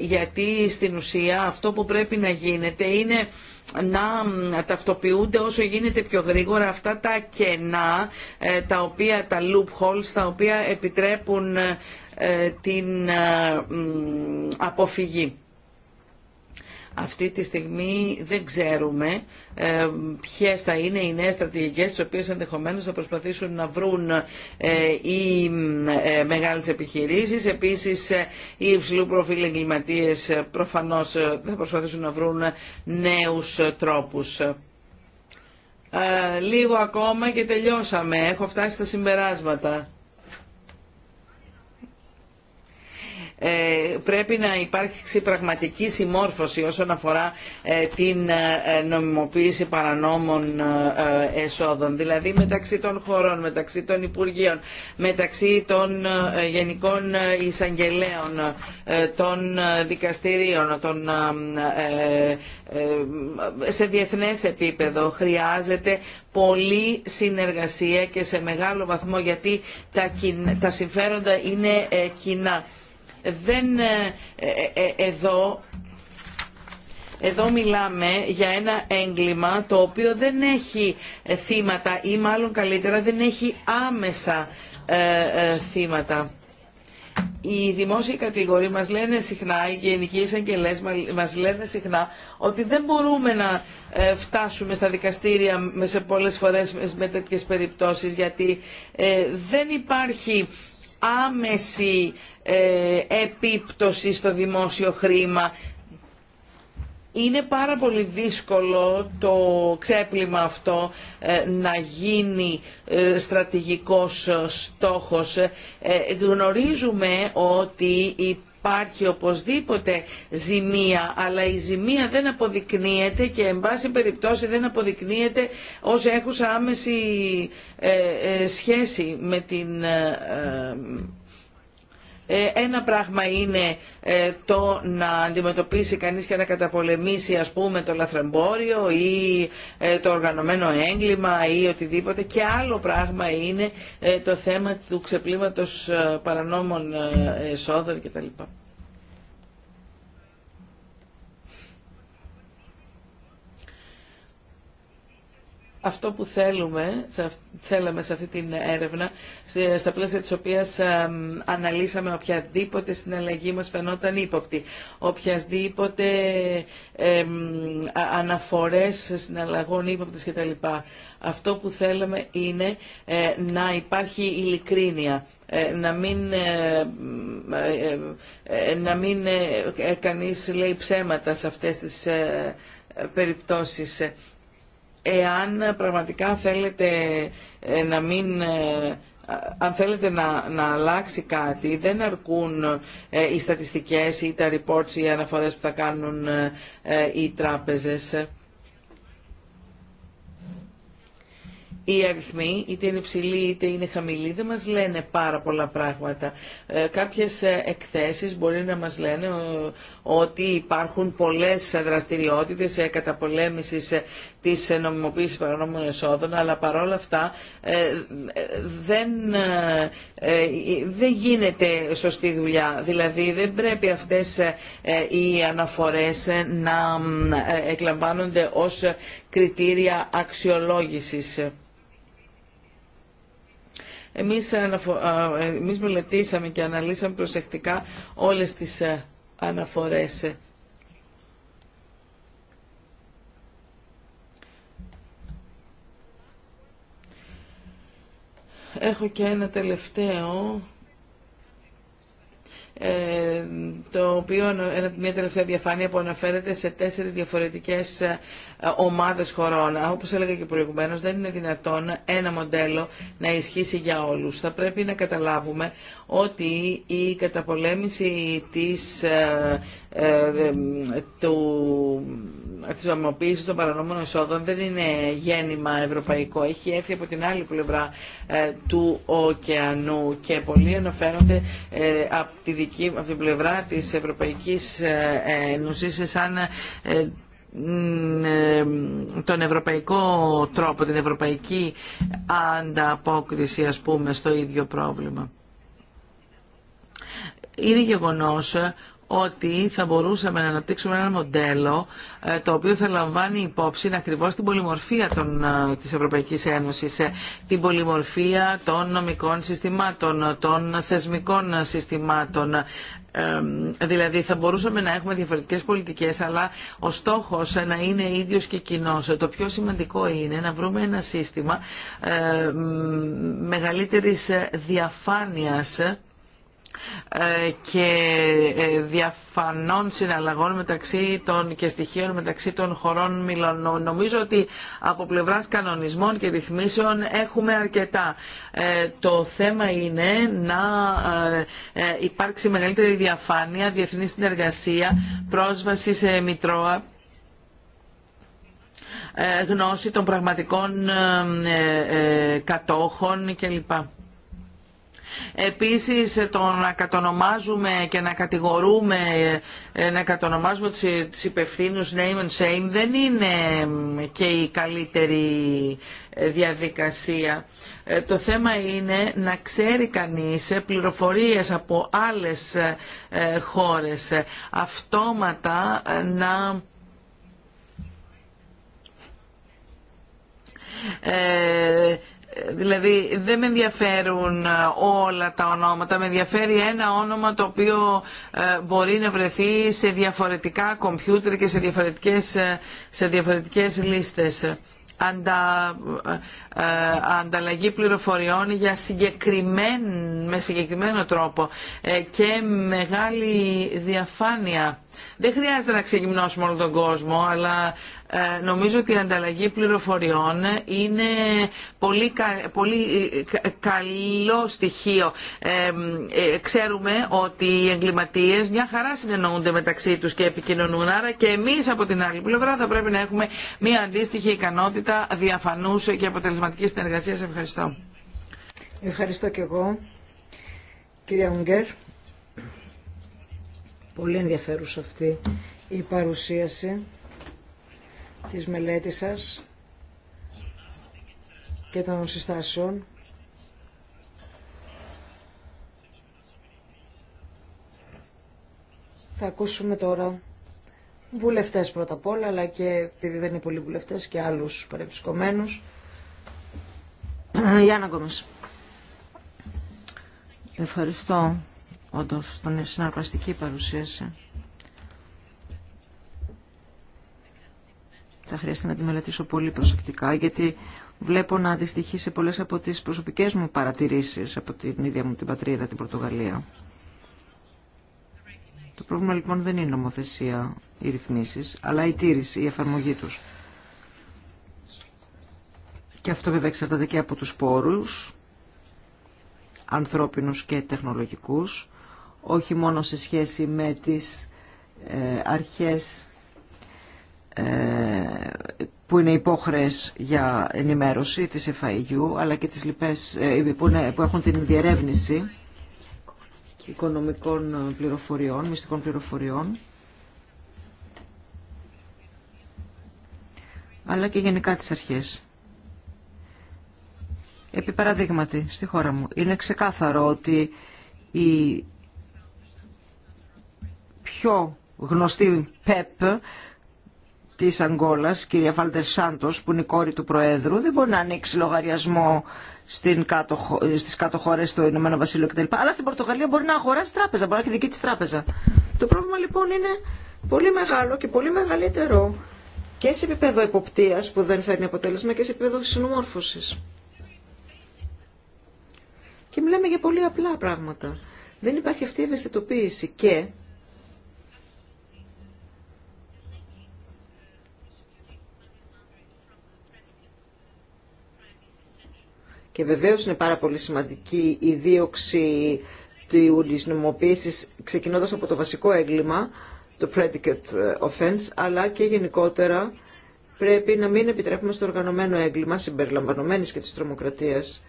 Γιατί στην ουσία αυτό που πρέπει να γίνεται είναι να ταυτοποιούνται όσο γίνεται πιο γρήγορα αυτά τα κενά, ε, τα οποία, τα holes τα οποία επιτρέπουν ε, ε, την αποφυγή. Αυτή τη στιγμή δεν ξέρουμε ε, ποιες θα είναι οι νέες στρατηγικές τις οποίες ενδεχομένως θα προσπαθήσουν να βρουν ε, οι ε, μεγάλες επιχειρήσεις. Επίσης ε, οι υψηλού προφίλ εγκληματίες προφανώς θα προσπαθήσουν να βρουν νέους τρόπους. λίγο ακόμα και τελειώσαμε. Έχω φτάσει στα συμπεράσματα. Ε, πρέπει να υπάρξει πραγματική συμμόρφωση όσον αφορά ε, την ε, νομιμοποίηση παρανόμων εσόδων. Δηλαδή μεταξύ των χωρών, μεταξύ των Υπουργείων, μεταξύ των Γενικών Εισαγγελέων, των δικαστηρίων, σε διεθνές επίπεδο χρειάζεται πολλή συνεργασία και σε μεγάλο βαθμό γιατί τα συμφέροντα είναι κοινά δεν ε, ε, ε, εδώ εδώ μιλάμε για ένα έγκλημα το οποίο δεν έχει θύματα ή μάλλον καλύτερα δεν έχει άμεσα θύματα. Οι δημόσιοι κατηγοροί μας λένε συχνά, οι γενικοί εισαγγελές μας λένε συχνά ότι δεν μπορούμε να φτάσουμε στα δικαστήρια σε πολλές φορές με τέτοιες περιπτώσεις γιατί δεν υπάρχει άμεση ε, επίπτωση στο δημόσιο χρήμα. Είναι πάρα πολύ δύσκολο το ξέπλυμα αυτό ε, να γίνει ε, στρατηγικός στόχος. Γνωρίζουμε ότι υπάρχει οπωσδήποτε ζημία, αλλά η ζημία δεν αποδεικνύεται και εν πάση περιπτώσει δεν αποδεικνύεται ως έχουσα άμεση ε, ε, σχέση με την ε, ε, ένα πράγμα είναι ε, το να αντιμετωπίσει κανείς και να καταπολεμήσει ας πούμε το λαθρεμπόριο ή ε, το οργανωμένο έγκλημα ή οτιδήποτε και άλλο πράγμα είναι το θέμα του ξεπλήματος παρανόμων εσόδων κτλ. αυτό που θέλουμε, θέλαμε σε αυτή την έρευνα, στα πλαίσια της οποίας αναλύσαμε οποιαδήποτε συναλλαγή μας φαινόταν ύποπτη, οποιασδήποτε αναφορές συναλλαγών ύποπτες κτλ. Αυτό που θέλαμε είναι ε, να υπάρχει ειλικρίνεια, ε, να μην, ε, να μην κανείς λέει ψέματα σε αυτές τις περιπτώσεις εάν πραγματικά θέλετε ε, να μην ε, αν θέλετε να, να αλλάξει κάτι, δεν αρκούν ε, οι στατιστικές ή τα reports ή οι αναφορές που θα κάνουν οι τράπεζες. Οι αριθμοί, είτε είναι υψηλοί είτε είναι χαμηλοί, δεν μας λένε πάρα πολλά πράγματα. Ε, κάποιες εκθέσεις μπορεί να μας λένε ότι υπάρχουν πολλές δραστηριότητες ε, καταπολέμησης ε, της νομιμοποίησης παρανόμων εσόδων, αλλά παρόλα αυτά ε, δεν, δεν γίνεται σωστή δουλειά. Δηλαδή δεν πρέπει αυτές οι αναφορές να εκλαμβάνονται ως κριτήρια αξιολόγησης. Εμείς, εμείς μελετήσαμε και αναλύσαμε προσεκτικά όλες τις αναφορές. Έχω και ένα τελευταίο ε, το οποίο, μια τελευταία διαφάνεια που αναφέρεται σε τέσσερις διαφορετικές ε, ομάδες χωρών. Όπως έλεγα και προηγουμένως, δεν είναι δυνατόν ένα μοντέλο να ισχύσει για όλους. Θα πρέπει να καταλάβουμε ότι η καταπολέμηση της, ε, του, της ομοποίησης των παρανόμων εσόδων δεν είναι γέννημα ευρωπαϊκό. Έχει έρθει από την άλλη πλευρά του ωκεανού και πολλοί αναφέρονται από τη δική, από την πλευρά της Ευρωπαϊκής Ένωσης ε, σαν ε, ε, τον ευρωπαϊκό τρόπο, την ευρωπαϊκή ανταπόκριση ας πούμε στο ίδιο πρόβλημα. Είναι γεγονός ότι θα μπορούσαμε να αναπτύξουμε ένα μοντέλο ε, το οποίο θα λαμβάνει υπόψη ακριβώ την πολυμορφία τη ε, της Ευρωπαϊκής ε, την πολυμορφία των νομικών συστημάτων, των θεσμικών συστημάτων, δηλαδή θα μπορούσαμε να έχουμε διαφορετικές πολιτικές αλλά ο στόχος να είναι ίδιος και κοινός. Το πιο σημαντικό είναι να βρούμε ένα σύστημα μεγαλύτερης διαφάνειας ε, και ε, διαφανών συναλλαγών μεταξύ των, και στοιχείων μεταξύ των χωρών μιλών. Νομίζω ότι από πλευράς κανονισμών και ρυθμίσεων έχουμε αρκετά. Ε, το θέμα είναι να υπάρξει μεγαλύτερη διαφάνεια, διεθνή συνεργασία, πρόσβαση σε Μητρώα, γνώση των πραγματικών κατόχων κλπ. Επίσης το να κατονομάζουμε και να κατηγορούμε, ε, να κατονομάζουμε ε, τους υπευθύνους name and shame δεν είναι και η καλύτερη ε, διαδικασία. Το θέμα είναι να ξέρει κανείς πληροφορίες από άλλες χώρες, αυτόματα να... Δηλαδή δεν με ενδιαφέρουν ε, όλα τα ονόματα, με ενδιαφέρει ένα όνομα το οποίο ε, μπορεί να βρεθεί σε διαφορετικά κομπιούτερ και σε διαφορετικές, ε, σε διαφορετικές λίστες. Αντα, ε, ανταλλαγή πληροφοριών για συγκεκριμέν, με συγκεκριμένο τρόπο ε, και μεγάλη διαφάνεια. Δεν χρειάζεται να ξεκινήσουμε όλο τον κόσμο, αλλά ε, νομίζω ότι η ανταλλαγή πληροφοριών είναι πολύ, καλό στοιχείο. ξέρουμε ότι οι εγκληματίες μια χαρά συνεννοούνται μεταξύ τους και επικοινωνούν, άρα και εμείς από την άλλη πλευρά θα πρέπει να έχουμε μια αντίστοιχη ικανότητα διαφανούς και αποτελεσματικού Ευχαριστώ. Ευχαριστώ και εγώ. Κυρία Ουγγέρ, πολύ ενδιαφέρουσα αυτή η παρουσίαση της μελέτης σας και των συστάσεων. Θα ακούσουμε τώρα βουλευτές πρώτα απ' όλα, αλλά και επειδή δεν είναι πολλοί βουλευτές και άλλους παρεμπισκομένους. Ε, Γιάννα Γκόμες. Ευχαριστώ όντως τον συναρπαστική παρουσίαση. Θα χρειαστεί να τη μελετήσω πολύ προσεκτικά γιατί βλέπω να αντιστοιχεί σε πολλές από τις προσωπικές μου παρατηρήσεις από την ίδια μου την πατρίδα, την Πορτογαλία. Το πρόβλημα λοιπόν δεν είναι η νομοθεσία, οι ρυθμίσεις, αλλά η τήρηση, η εφαρμογή τους. Και αυτό βέβαια εξαρτάται και από τους πόρους, ανθρώπινους και τεχνολογικούς, όχι μόνο σε σχέση με τις ε, αρχές ε, που είναι υπόχρεες για ενημέρωση της FIU, αλλά και τις λοιπές ε, που, που έχουν την διερεύνηση οικονομικών πληροφοριών, μυστικών πληροφοριών, αλλά και γενικά τις αρχές. Επί παραδείγματι, στη χώρα μου, είναι ξεκάθαρο ότι η πιο γνωστή ΠΕΠ της Αγγόλας, κυρία Βάλτερ Σάντος, που είναι η κόρη του Προέδρου, δεν μπορεί να ανοίξει λογαριασμό στην κάτω, στις κάτω χώρες, στο Ηνωμένο Βασίλειο κτλ. Αλλά στην Πορτογαλία μπορεί να αγοράσει τράπεζα, μπορεί να έχει δική της τράπεζα. Το πρόβλημα λοιπόν είναι πολύ μεγάλο και πολύ μεγαλύτερο και σε επίπεδο εποπτείας που δεν φέρνει αποτέλεσμα και σε επίπεδο συνομόρφωσης. Και μιλάμε για πολύ απλά πράγματα. Δεν υπάρχει αυτή η ευαισθητοποίηση και Και βεβαίως είναι πάρα πολύ σημαντική η δίωξη της νομοποίησης ξεκινώντας από το βασικό έγκλημα, το predicate ε, offense, αλλά και γενικότερα πρέπει να μην επιτρέπουμε στο οργανωμένο έγκλημα συμπεριλαμβανομένης και της τρομοκρατίας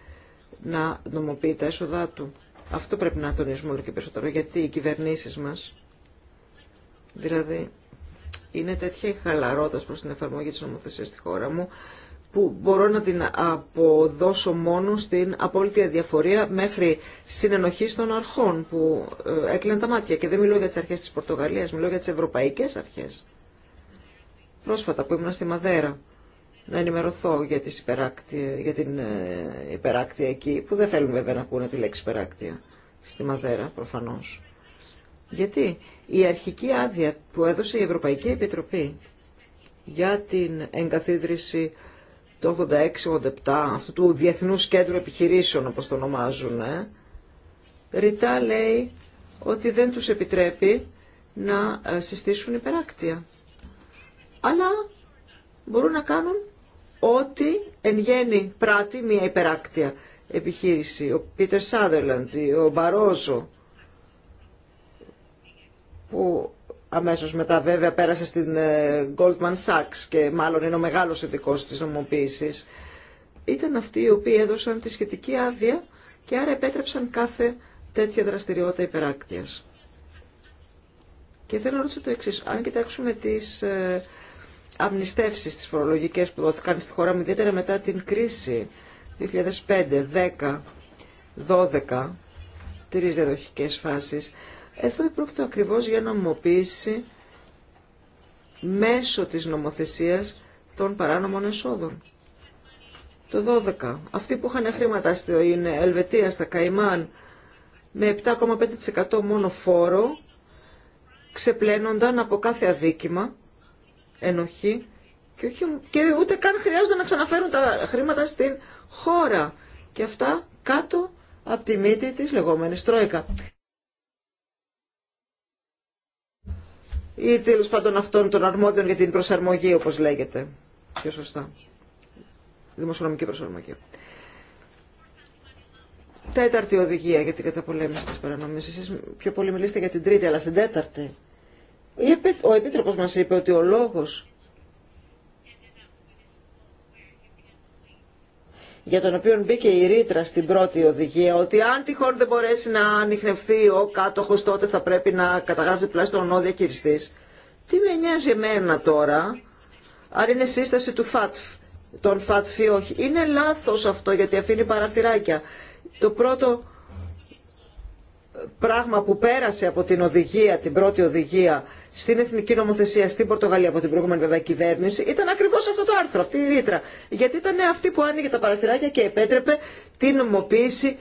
να νομοποιεί τα έσοδά του. Αυτό πρέπει να τονίζουμε όλο και περισσότερο, γιατί οι κυβερνήσει μα, δηλαδή, είναι τέτοια η χαλαρότητα προ την εφαρμογή τη νομοθεσία στη χώρα μου, που μπορώ να την αποδώσω μόνο στην απόλυτη αδιαφορία μέχρι συνενοχή των αρχών που ε, έκλειναν τα μάτια. Και δεν μιλώ για τι αρχέ τη Πορτογαλία, μιλώ για τι ευρωπαϊκέ αρχέ. Πρόσφατα που ήμουν στη Μαδέρα, να ενημερωθώ για, τις για την ε, υπεράκτεια εκεί, που δεν θέλουν βέβαια να ακούνε τη λέξη υπεράκτεια, στη Μαδέρα προφανώς. Γιατί η αρχική άδεια που έδωσε η Ευρωπαϊκή Επιτροπή για την εγκαθίδρυση το 86-87, αυτού του διεθνού Κέντρου Επιχειρήσεων όπως το ονομάζουν, ε, ρητά λέει ότι δεν τους επιτρέπει να ε, συστήσουν υπεράκτεια. Αλλά μπορούν να κάνουν ό,τι εν γέννη πράττει μια υπεράκτια επιχείρηση. Ο Πίτερ Σάδερλαντ, ο Μπαρόζο, που αμέσως μετά βέβαια πέρασε στην ε, Goldman Sachs και μάλλον είναι ο μεγάλος ειδικός της νομοποίησης, ήταν αυτοί οι οποίοι έδωσαν τη σχετική άδεια και άρα επέτρεψαν κάθε τέτοια δραστηριότητα υπεράκτειας. Και θέλω να ρωτήσω το εξής. Αν κοιτάξουμε τις ε, αμνηστεύσεις τις φορολογικές που δόθηκαν στη χώρα μου, ιδιαίτερα μετά την κρίση 2005, 10, 12, τρεις διαδοχικές φάσεις, εδώ πρόκειται ακριβώς για νομοποίηση μέσω της νομοθεσίας των παράνομων εσόδων. Το 12. Αυτοί που είχαν χρήματα στην Ελβετία, στα Καϊμάν, με 7,5% μόνο φόρο, ξεπλένονταν από κάθε αδίκημα ενοχή και, όχι, και ούτε καν χρειάζονται να ξαναφέρουν τα χρήματα στην χώρα. Και αυτά κάτω από τη μύτη της λεγόμενης Τρόικα. Ή τέλος πάντων αυτών των αρμόδιων για την προσαρμογή, όπως λέγεται. Πιο σωστά. Δημοσιονομική προσαρμογή. Τέταρτη οδηγία για την καταπολέμηση της παρανομής. Εσείς πιο πολύ μιλήσετε για την τρίτη, αλλά στην τέταρτη ο Επίτροπος μας είπε ότι ο λόγος για τον οποίο μπήκε η ρήτρα στην πρώτη οδηγία, ότι αν τυχόν δεν μπορέσει να ανοιχνευθεί ο κάτοχος, τότε θα πρέπει να καταγράφει τουλάχιστον ο κυριστής. Τι με νοιάζει εμένα τώρα, αν είναι σύσταση του ΦΑΤΦ, τον ΦΑΤΦ ή όχι. Είναι λάθος αυτό γιατί αφήνει παραθυράκια. Το πρώτο πράγμα που πέρασε από την οδηγία, την πρώτη οδηγία, στην εθνική νομοθεσία στην Πορτογαλία από την προηγούμενη βέβαια κυβέρνηση, ήταν ακριβώ αυτό το άρθρο, αυτή η ρήτρα. Γιατί ήταν αυτή που άνοιγε τα παραθυράκια και επέτρεπε την νομοποίηση,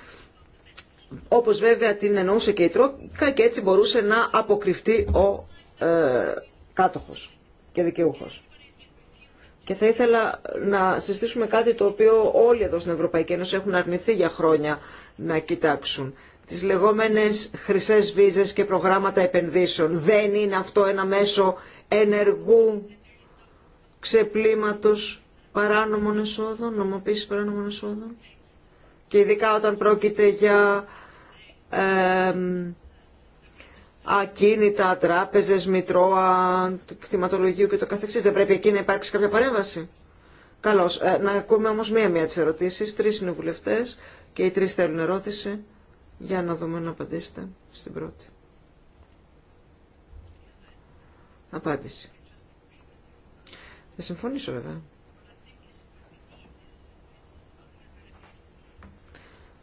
όπω βέβαια την εννοούσε και η Τρόικα, και έτσι μπορούσε να αποκρυφτεί ο ε, κάτοχο και δικαιούχο. Και θα ήθελα να συστήσουμε κάτι το οποίο όλοι εδώ στην Ευρωπαϊκή Ένωση έχουν αρνηθεί για χρόνια να κοιτάξουν τις λεγόμενες χρυσές βίζες και προγράμματα επενδύσεων. Δεν είναι αυτό ένα μέσο ενεργού ξεπλήματος παράνομων εσόδων, νομοποίησης παράνομων εσόδων και ειδικά όταν πρόκειται για ακίνητα, τράπεζες, μητρώα, κτηματολογίου και το καθεξής. Δεν πρέπει εκεί να υπάρξει κάποια παρέμβαση. Καλώς. Ε, να ακούμε όμως μία-μία τις ερωτήσεις. Τρεις είναι και οι τρεις θέλουν ερώτηση. Για να δούμε να απαντήσετε στην πρώτη. Απάντηση. Θα συμφωνήσω βέβαια.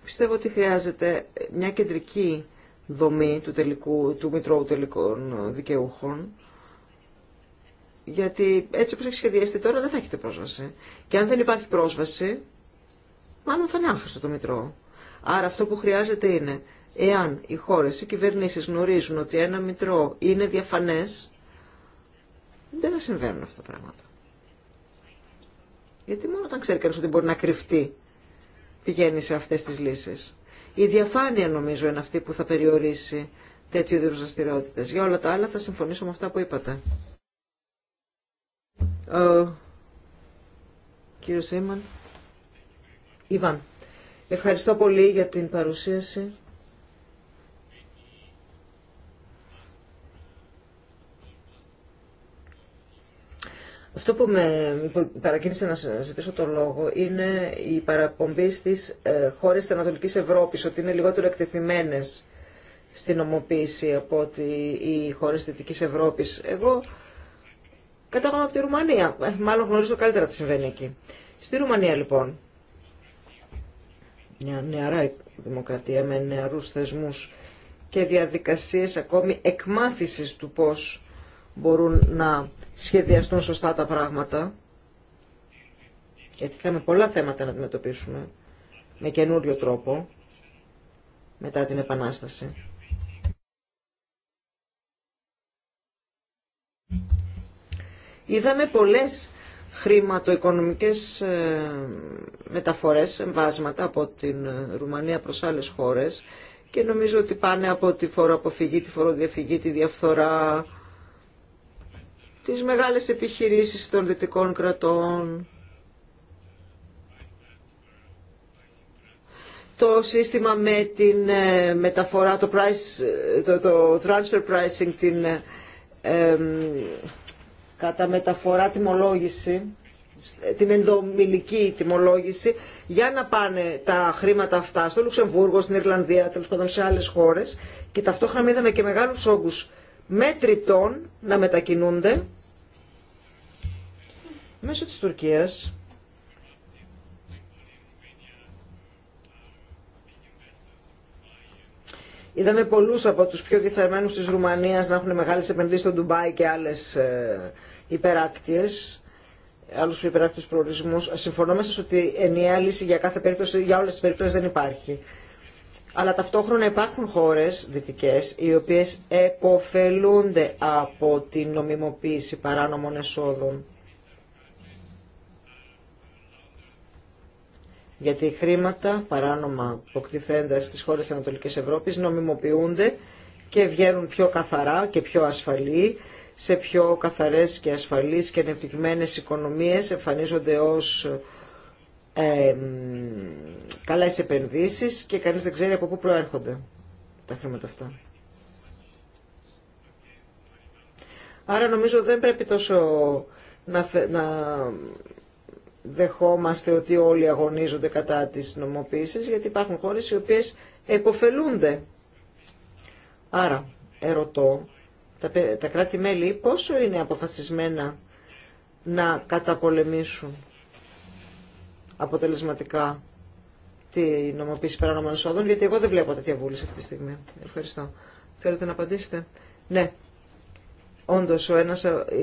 Πιστεύω ότι χρειάζεται μια κεντρική δομή του, τελικού, του Μητρώου Τελικών Δικαιούχων, γιατί έτσι όπως έχει σχεδιαστεί τώρα δεν θα έχετε πρόσβαση. Και αν δεν υπάρχει πρόσβαση, μάλλον θα είναι άχρηστο το Μητρώο. Άρα αυτό που χρειάζεται είναι, εάν οι χώρες, οι κυβερνήσεις γνωρίζουν ότι ένα μητρό είναι διαφανές, δεν θα συμβαίνουν αυτά τα πράγματα. Γιατί μόνο όταν ξέρει κανείς ότι μπορεί να κρυφτεί, πηγαίνει σε αυτές τις λύσεις. Η διαφάνεια νομίζω είναι αυτή που θα περιορίσει τέτοιου είδου δραστηριότητε. Για όλα τα άλλα θα συμφωνήσω με αυτά που είπατε. Ο... Ε, κύριο Σίμαν. Ιβάν. Ευχαριστώ πολύ για την παρουσίαση. Αυτό που με παρακίνησε να ζητήσω το λόγο είναι η παραπομπή στις ε, χώρες της Ανατολικής Ευρώπης, ότι είναι λιγότερο εκτεθειμένες στην νομοποίηση από ότι οι χώρες της Δυτικής Ευρώπης. Εγώ κατάγομαι από τη Ρουμανία, ε, μάλλον γνωρίζω καλύτερα τι συμβαίνει εκεί. Στη Ρουμανία λοιπόν, μια νεαρά δημοκρατία με νεαρούς θεσμούς και διαδικασίες ακόμη εκμάθησης του πώς μπορούν να σχεδιαστούν σωστά τα πράγματα. Γιατί είχαμε πολλά θέματα να αντιμετωπίσουμε με καινούριο τρόπο μετά την Επανάσταση. Είδαμε πολλές χρηματοοικονομικές ε, μεταφορές, εμβάσματα από την ε, Ρουμανία προς άλλες χώρες και νομίζω ότι πάνε από τη φοροαποφυγή, τη φοροδιαφυγή, τη διαφθορά, τις μεγάλες επιχειρήσεις των δυτικών κρατών. Το σύστημα με την ε, μεταφορά, το, price, το, το transfer pricing, την κατά μεταφορά τιμολόγηση, την ενδομιλική τιμολόγηση, για να πάνε τα χρήματα αυτά στο Λουξεμβούργο, στην Ιρλανδία, τέλο πάντων σε άλλε χώρε. Και ταυτόχρονα είδαμε και μεγάλου όγκου μέτρητών να μετακινούνται μέσω της Τουρκίας Είδαμε πολλούς από τους πιο διθαρμένους τη Ρουμανία να έχουν μεγάλες επενδύσεις στο Ντουμπάι και άλλες ε, υπεράκτιες άλλου υπεράκτους προορισμού. Συμφωνώ μέσα ότι ενιαία λύση για κάθε περίπτωση, για όλε τι περιπτώσει δεν υπάρχει. Αλλά ταυτόχρονα υπάρχουν χώρε δυτικέ οι οποίε εποφελούνται από την νομιμοποίηση παράνομων εσόδων. γιατί χρήματα παράνομα αποκτηθέντα στις χώρες της Ανατολικής Ευρώπης νομιμοποιούνται και βγαίνουν πιο καθαρά και πιο ασφαλή σε πιο καθαρές και ασφαλείς και ανεπτυγμένες οικονομίες εμφανίζονται ως ε, καλές επενδύσεις και κανείς δεν ξέρει από πού προέρχονται τα χρήματα αυτά. Άρα νομίζω δεν πρέπει τόσο να, να δεχόμαστε ότι όλοι αγωνίζονται κατά τις νομοποίησεις γιατί υπάρχουν χώρες οι οποίες εποφελούνται. Άρα, ερωτώ, τα, τα κράτη-μέλη πόσο είναι αποφασισμένα να καταπολεμήσουν αποτελεσματικά τη νομοποίηση παράνομων εισόδων, γιατί εγώ δεν βλέπω τέτοια βούληση αυτή τη στιγμή. Ευχαριστώ. Θέλετε να απαντήσετε. Ναι, Όντως, ε,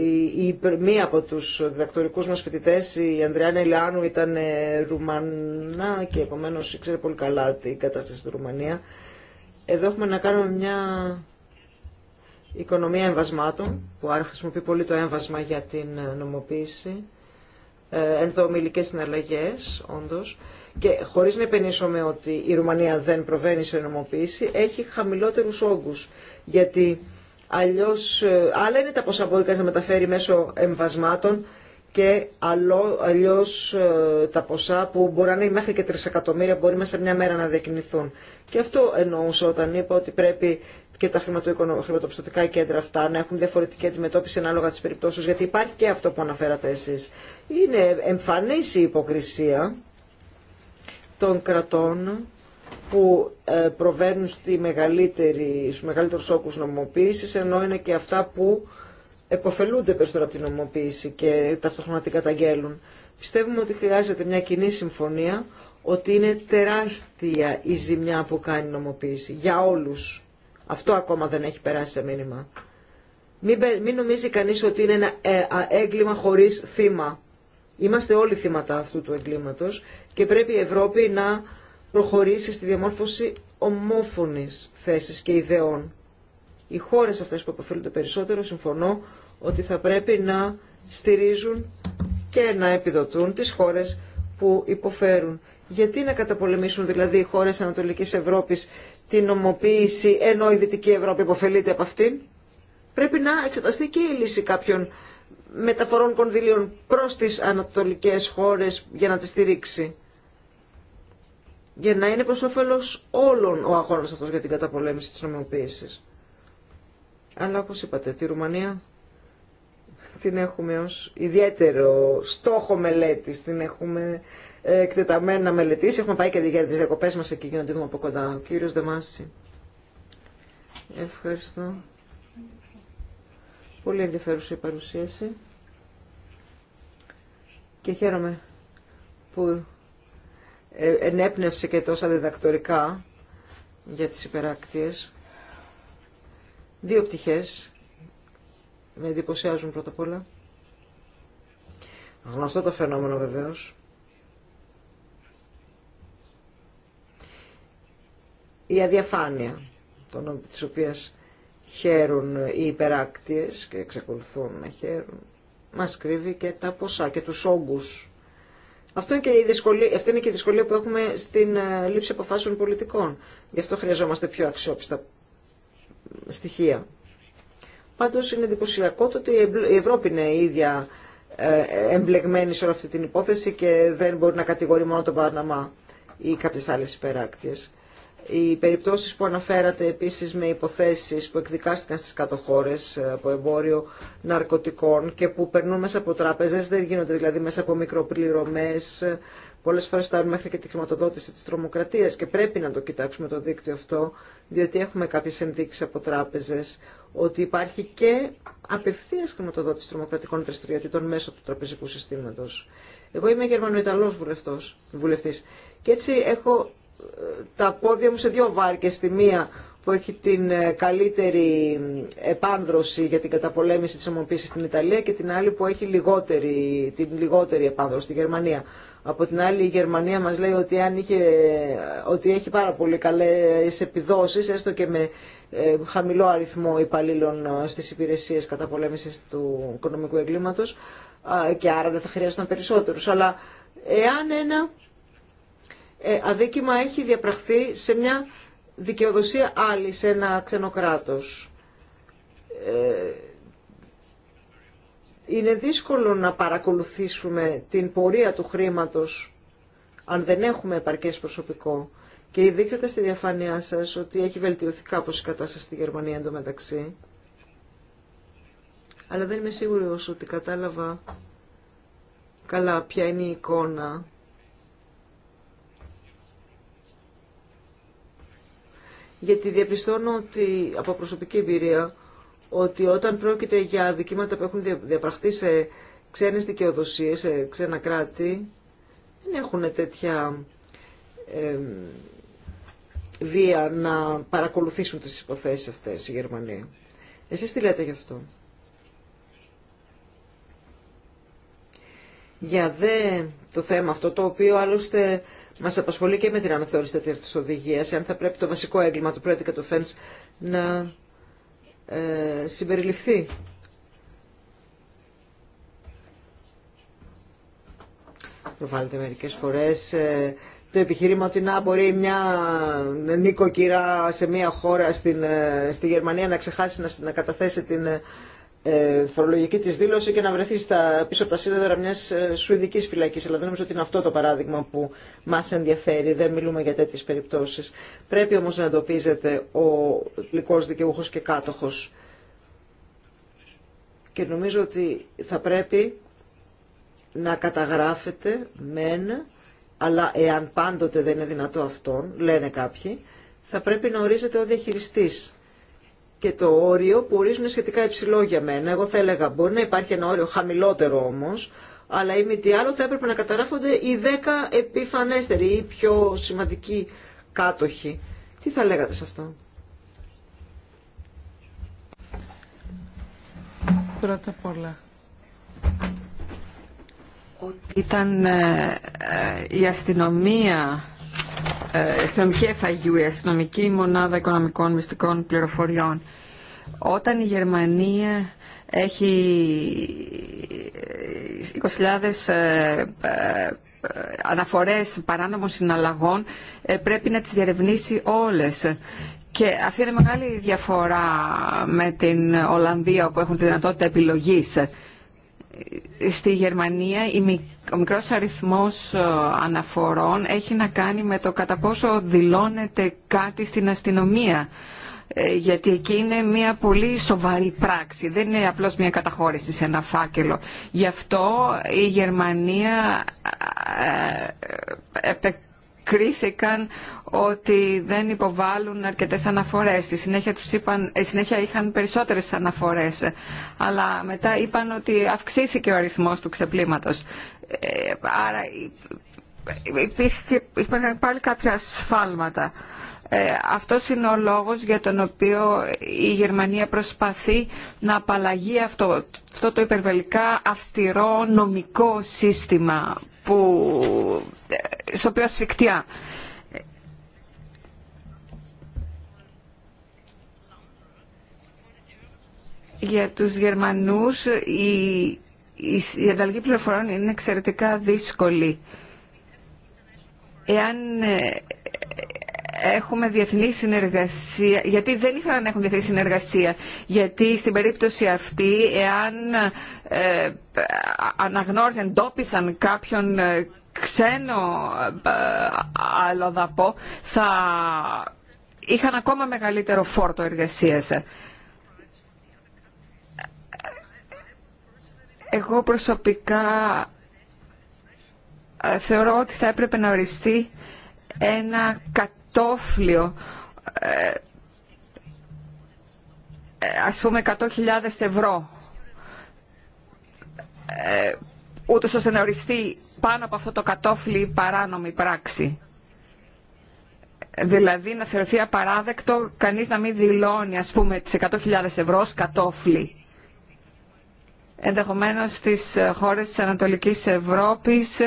η, η, μία από τους διδακτορικούς μας φοιτητές, η Ανδριάννα Ηλιάνου, ήταν ε, Ρουμανά και επομένως ήξερε πολύ καλά την κατάσταση στη Ρουμανία. Εδώ έχουμε να κάνουμε μια απο τους διδακτορικους μας φοιτητε η ανδριαννα ηλιανου ηταν ρουμανα και επομενως ηξερε εμβασμάτων, που άρα χρησιμοποιεί πολύ το έμβασμα για την ε, νομοποίηση, ε, ενδομιλικές συναλλαγές, όντως, και χωρίς να επενήσουμε ότι η Ρουμανία δεν προβαίνει σε νομοποίηση, έχει χαμηλότερους όγκους, γιατί Αλλιώς, ε, άλλα είναι τα ποσά που μπορεί να μεταφέρει μέσω εμβασμάτων και αλλιώς ε, τα ποσά που μπορεί να είναι μέχρι και 3 εκατομμύρια μπορεί μέσα μια μέρα να διακινηθούν. Και αυτό εννοούσα όταν είπα ότι πρέπει και τα χρηματοπιστωτικά κέντρα αυτά να έχουν διαφορετική αντιμετώπιση ανάλογα τις περιπτώσεις, γιατί υπάρχει και αυτό που αναφέρατε εσείς. Είναι εμφανής η υποκρισία των κρατών που ε, προβαίνουν στη μεγαλύτερη, στους μεγαλύτερους όκους νομοποίησης, ενώ είναι και αυτά που εποφελούνται περισσότερο από την νομοποίηση και ταυτόχρονα την καταγγέλουν. Πιστεύουμε ότι χρειάζεται μια κοινή συμφωνία, ότι είναι τεράστια η ζημιά που κάνει η νομοποίηση για όλους. Αυτό ακόμα δεν έχει περάσει σε μήνυμα. Μην, μην νομίζει κανείς ότι είναι ένα ε, έγκλημα χωρίς θύμα. Είμαστε όλοι θύματα αυτού του εγκλήματος και πρέπει η Ευρώπη να προχωρήσει στη διαμόρφωση ομόφωνης θέσης και ιδεών. Οι χώρες αυτές που το περισσότερο, συμφωνώ, ότι θα πρέπει να στηρίζουν και να επιδοτούν τις χώρες που υποφέρουν. Γιατί να καταπολεμήσουν δηλαδή οι χώρες Ανατολικής Ευρώπης την νομοποίηση ενώ η Δυτική Ευρώπη υποφελείται από αυτήν. Πρέπει να εξεταστεί και η λύση κάποιων μεταφορών κονδυλίων προς τις ανατολικές χώρες για να τις στηρίξει για να είναι προς όφελος όλων ο αγώνας αυτός για την καταπολέμηση της νομιμοποίησης. Αλλά όπως είπατε, τη Ρουμανία την έχουμε ως ιδιαίτερο στόχο μελέτης, την έχουμε ε, εκτεταμένα μελετήσει. Έχουμε πάει και για τις διακοπές μας εκεί για να τη δούμε από κοντά. Ο κύριος Δεμάση. Ευχαριστώ. Πολύ ενδιαφέρουσα η παρουσίαση. Και χαίρομαι που ε, ενέπνευσε και τόσα διδακτορικά για τις υπεράκτιες. Δύο πτυχές με εντυπωσιάζουν πρώτα απ' όλα. Γνωστό το φαινόμενο βεβαίως. Η αδιαφάνεια των, της οποίας χαίρουν οι υπεράκτιες και εξακολουθούν να χαίρουν μας κρύβει και τα ποσά και τους όγκους αυτό είναι και η δυσκολία, αυτή είναι και η δυσκολία που έχουμε στην ε, λήψη αποφάσεων πολιτικών. Γι' αυτό χρειαζόμαστε πιο αξιόπιστα στοιχεία. Πάντως είναι εντυπωσιακό το ότι η Ευρώπη είναι η ίδια ε, εμπλεγμένη σε όλη αυτή την υπόθεση και δεν μπορεί να κατηγορεί μόνο τον Παναμά ή κάποιε άλλες υπεράκτιες. Οι περιπτώσεις που αναφέρατε επίσης με υποθέσεις που εκδικάστηκαν στις κάτω ε, από εμπόριο ναρκωτικών και που περνούν μέσα από τράπεζες, δεν γίνονται δηλαδή μέσα από μικροπληρωμές, πολλές φορές φτάνουν μέχρι και τη χρηματοδότηση της τρομοκρατίας και πρέπει να το κοιτάξουμε το δίκτυο αυτό, διότι έχουμε κάποιες ενδείξεις από τράπεζες ότι υπάρχει και απευθείας χρηματοδότηση τρομοκρατικών δραστηριοτήτων μέσω του τραπεζικού συστήματος. Εγώ είμαι Γερμανοϊταλός βουλευτής και έτσι έχω τα πόδια μου σε δύο βάρκες. Τη μία που έχει την ε, καλύτερη επάνδρωση για την καταπολέμηση της ομοποίησης στην Ιταλία και την άλλη που έχει λιγότερη, την λιγότερη επάνδρωση στη Γερμανία. Από την άλλη η Γερμανία μας λέει ότι, αν είχε, ότι έχει πάρα πολύ καλές επιδόσεις, έστω και με ε, χαμηλό αριθμό υπαλλήλων ε, στις υπηρεσίες καταπολέμησης του οικονομικού εγκλήματος και άρα δεν θα χρειάζονταν περισσότερους. Αλλά εάν ένα ε, αδίκημα έχει διαπραχθεί σε μια δικαιοδοσία άλλη, σε ένα ξενοκράτος. Ε, είναι δύσκολο να παρακολουθήσουμε την πορεία του χρήματος αν δεν έχουμε επαρκές προσωπικό. Και δείξατε στη διαφάνειά σας ότι έχει βελτιωθεί κάπως η κατάσταση στη Γερμανία εντωμεταξύ. Αλλά δεν είμαι σίγουρη ότι κατάλαβα καλά ποια είναι η εικόνα γιατί διαπιστώνω ότι από προσωπική εμπειρία ότι όταν πρόκειται για αδικήματα που έχουν διαπραχθεί σε ξένες δικαιοδοσίες, σε ξένα κράτη, δεν έχουν τέτοια ε, βία να παρακολουθήσουν τις υποθέσεις αυτές οι Γερμανία. Εσείς τι λέτε γι' αυτό. Για δε το θέμα αυτό το οποίο άλλωστε Μα απασχολεί και με την αναθεώρηση της οδηγία. αν θα πρέπει το βασικό έγκλημα του του κατοφένς να ε, συμπεριληφθεί. Προβάλλεται μερικές φορές ε, το επιχείρημα ότι να μπορεί μια νοικοκυρά σε μια χώρα στην, ε, στη Γερμανία να ξεχάσει να, να καταθέσει την ε, ε, φορολογική της δήλωση και να βρεθεί στα, πίσω από τα σύνδεδρα μιας ε, σουηδικής φυλακής. Αλλά δεν νομίζω ότι είναι αυτό το παράδειγμα που μας ενδιαφέρει. Δεν μιλούμε για τέτοιε περιπτώσεις. Πρέπει όμως να εντοπίζεται ο τελικός δικαιούχο και κάτοχος. Και νομίζω ότι θα πρέπει να καταγράφεται μεν, αλλά εάν πάντοτε δεν είναι δυνατό αυτόν, λένε κάποιοι, θα πρέπει να ορίζεται ο διαχειριστής και το όριο που ορίζουν σχετικά υψηλό για μένα. Εγώ θα έλεγα μπορεί να υπάρχει ένα όριο χαμηλότερο όμως, αλλά ή μη τι άλλο θα έπρεπε να καταγράφονται οι 10 επιφανέστεροι ή πιο σημαντικοί κάτοχοι. Τι θα λέγατε σε αυτό. Πρώτα απ' όλα. Ήταν ε, ε, η αστυνομία η ε, αστυνομική FIU, η αστυνομική μονάδα οικονομικών μυστικών πληροφοριών. Όταν η Γερμανία έχει 20.000 ε, ε, αναφορές παράνομων συναλλαγών πρέπει να τις διαρευνήσει όλες. Και αυτή είναι μεγάλη διαφορά με την Ολλανδία όπου έχουν τη δυνατότητα επιλογής στη Γερμανία ο μικρός αριθμός ε, αναφορών έχει να κάνει με το κατά πόσο δηλώνεται κάτι στην αστυνομία ε, γιατί εκεί είναι μια πολύ σοβαρή πράξη, δεν είναι απλώς μια καταχώρηση σε ένα φάκελο. Γι' αυτό η Γερμανία ε, κρίθηκαν ότι δεν υποβάλλουν αρκετές αναφορές. Στη συνέχεια, τους είπαν, ε, συνέχεια είχαν περισσότερες αναφορές. Αλλά μετά είπαν ότι αυξήθηκε ο αριθμός του ξεπλήματος. Ε, άρα υπήρχαν πάλι κάποια σφάλματα. Ε, αυτός είναι ο λόγος για τον οποίο η Γερμανία προσπαθεί να απαλλαγεί αυτό, αυτό το υπερβελικά αυστηρό νομικό σύστημα που, στο οποίο ασφικτιά. Για τους Γερμανούς η, η, η ανταλλαγή πληροφορών είναι εξαιρετικά δύσκολη. Εάν ε, έχουμε διεθνή συνεργασία, γιατί δεν ήθελα να έχουν διεθνή συνεργασία, γιατί στην περίπτωση αυτή, εάν ε, αναγνώριζαν, εντόπισαν κάποιον ε, ξένο ε, αλλοδαπό, θα είχαν ακόμα μεγαλύτερο φόρτο εργασίας. Εγώ προσωπικά ε, θεωρώ ότι θα έπρεπε να οριστεί ένα κατ κατόφλιο ε, ε, ας πούμε 100.000 ευρώ ε, ούτως ώστε να οριστεί πάνω από αυτό το κατόφλι παράνομη πράξη. Δηλαδή να θεωρηθεί απαράδεκτο κανείς να μην δηλώνει ας πούμε τις 100.000 ευρώ ως κατόφλι ενδεχομένως στις χώρες της Ανατολικής Ευρώπης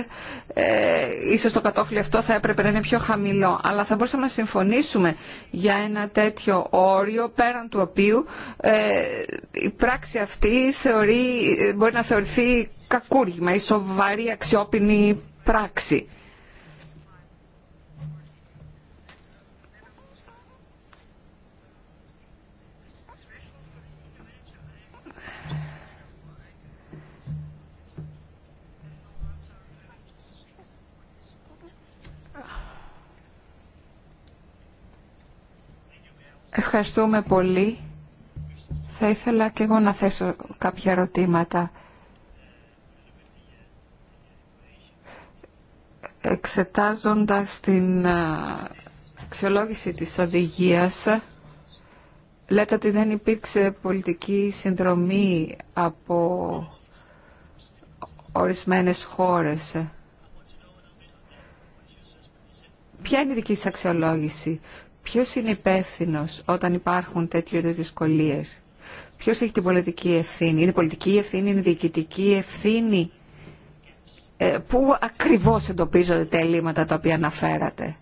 ε, ίσως το κατόφλι αυτό θα έπρεπε να είναι πιο χαμηλό αλλά θα μπορούσαμε να συμφωνήσουμε για ένα τέτοιο όριο πέραν του οποίου ε, η πράξη αυτή θεωρεί, μπορεί να θεωρηθεί κακούργημα ή σοβαρή αξιόπινη πράξη. Ευχαριστούμε πολύ. Θα ήθελα και εγώ να θέσω κάποια ερωτήματα. Εξετάζοντας την αξιολόγηση της οδηγίας, λέτε ότι δεν υπήρξε πολιτική συνδρομή από ορισμένες χώρες. Ποια είναι η δική σας αξιολόγηση, Ποιος είναι υπεύθυνο όταν υπάρχουν τέτοιου δυσκολίες. Ποιος έχει την πολιτική ευθύνη. Είναι πολιτική ευθύνη, είναι διοικητική ευθύνη. Ε, πού ακριβώς εντοπίζονται τα ελλείμματα τα οποία αναφέρατε.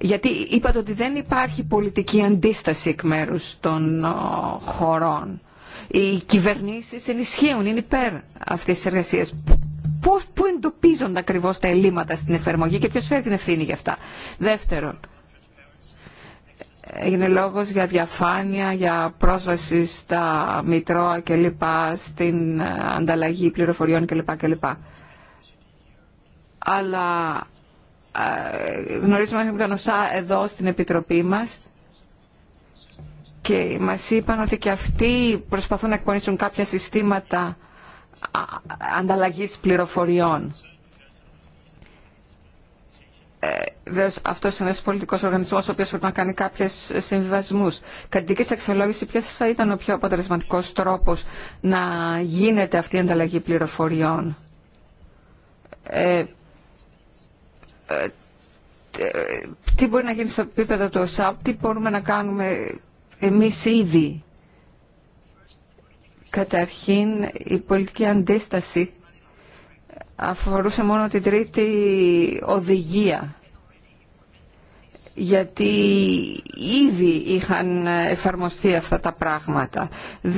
Γιατί είπατε ότι δεν υπάρχει πολιτική αντίσταση εκ μέρου των ο, χωρών. Οι κυβερνήσεις ενισχύουν, είναι υπέρ αυτής της εργασίας. πού εντοπίζονται ακριβώς τα ελλείμματα στην εφαρμογή και ποιος φέρει την ευθύνη για αυτά. Δεύτερον, έγινε λόγος για διαφάνεια, για πρόσβαση στα μητρώα κλπ, στην ε, ανταλλαγή πληροφοριών και κλπ. Αλλά ε, γνωρίζουμε ότι ήταν εδώ στην Επιτροπή μας και μας είπαν ότι και αυτοί προσπαθούν να εκπονήσουν κάποια συστήματα ανταλλαγής πληροφοριών. Βέβαια, αυτό είναι ένα πολιτικό οργανισμό, ο οποίο πρέπει να κάνει κάποιες συμβιβασμού. Κατά την δική αξιολόγηση, ποιο θα ήταν ο πιο αποτελεσματικό τρόπο να γίνεται αυτή η ανταλλαγή πληροφοριών. Ε, ε, ε, τι μπορεί να γίνει στο επίπεδο του ΣΑΠ, τι μπορούμε να κάνουμε εμείς ήδη. Καταρχήν, η πολιτική αντίσταση αφορούσε μόνο την τρίτη οδηγία γιατί ήδη είχαν εφαρμοστεί αυτά τα πράγματα.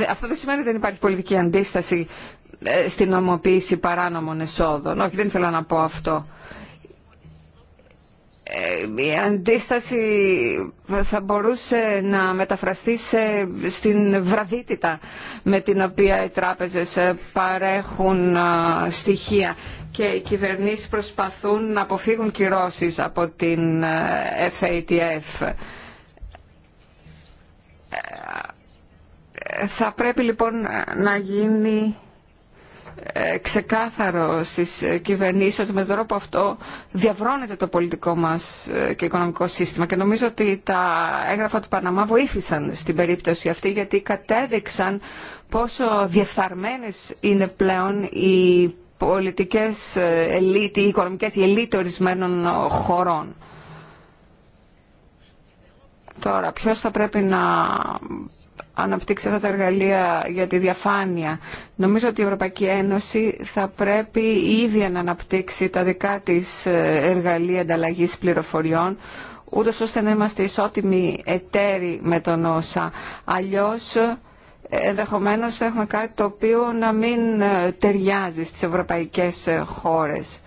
Αυτό δεν σημαίνει ότι δεν υπάρχει πολιτική αντίσταση ε, στην νομοποίηση παράνομων εσόδων. Όχι, δεν ήθελα να πω αυτό. Ε, η αντίσταση θα μπορούσε να μεταφραστεί σε, στην βραδύτητα με την οποία οι τράπεζες ε, παρέχουν στοιχεία και οι κυβερνήσεις προσπαθούν να αποφύγουν κυρώσεις από την FATF. Ε, θα πρέπει λοιπόν να γίνει ε, ξεκάθαρο στις ε, κυβερνήσεις ότι με τον τρόπο αυτό διαβρώνεται το πολιτικό μας ε, και οικονομικό σύστημα και νομίζω ότι τα έγγραφα του Παναμά βοήθησαν στην περίπτωση αυτή γιατί κατέδειξαν πόσο διεφθαρμένες είναι πλέον οι πολιτικές ελίτ, οι οικονομικές οι ελίτ ορισμένων χωρών. Τώρα, ποιος θα πρέπει να αναπτύξει αυτά τα εργαλεία για τη διαφάνεια. Νομίζω ότι η Ευρωπαϊκή Ένωση θα πρέπει ήδη να αναπτύξει τα δικά της ε, εργαλεία ανταλλαγή πληροφοριών, ούτω ώστε να είμαστε ισότιμοι εταίροι με τον ΩΣΑ. Αλλιώς ε, ενδεχομένω έχουμε κάτι το οποίο να μην ε, ταιριάζει στις ευρωπαϊκές χώρες.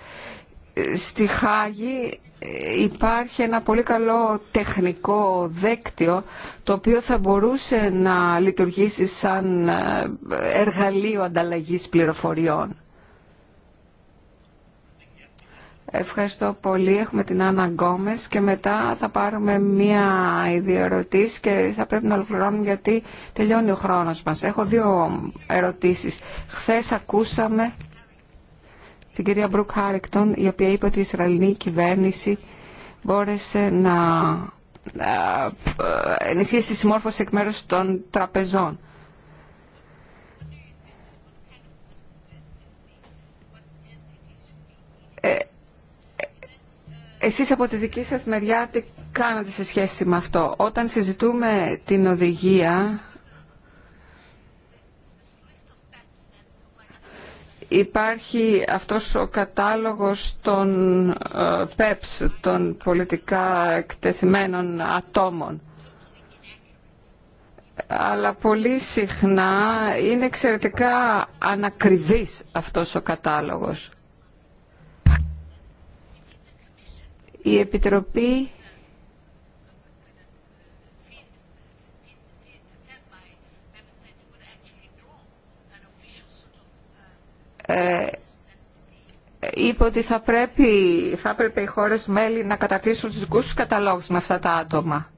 Στη Χάγη ε, υπάρχει ένα πολύ καλό τεχνικό δέκτυο το οποίο θα μπορούσε να λειτουργήσει σαν ε, εργαλείο ανταλλαγής πληροφοριών. Ευχαριστώ πολύ. Έχουμε την Άννα Γκόμες και μετά θα πάρουμε μία ή δύο ερωτήσεις και θα πρέπει να ολοκληρώνουμε γιατί τελειώνει ο χρόνος μας. Έχω δύο ερωτήσεις. Χθες ακούσαμε στην κυρία Μπρουκ Χάρεκτον, η οποία είπε ότι η Ισραηλινή κυβέρνηση μπόρεσε να ε, ενισχύσει τη συμμόρφωση εκ μέρους των τραπεζών. Ε, ε, εσείς από τη δική σας μεριά τι κάνατε σε σχέση με αυτό. Όταν συζητούμε την οδηγία υπάρχει αυτός ο κατάλογος των ε, ΠΕΠΣ, των πολιτικά εκτεθειμένων ατόμων. Αλλά πολύ συχνά είναι εξαιρετικά ανακριβής αυτός ο κατάλογος. Η Επιτροπή Ε, είπε ότι θα, πρέπει, θα έπρεπε οι χώρες μέλη να καταρτήσουν τους δικούς τους καταλόγους με αυτά τα άτομα.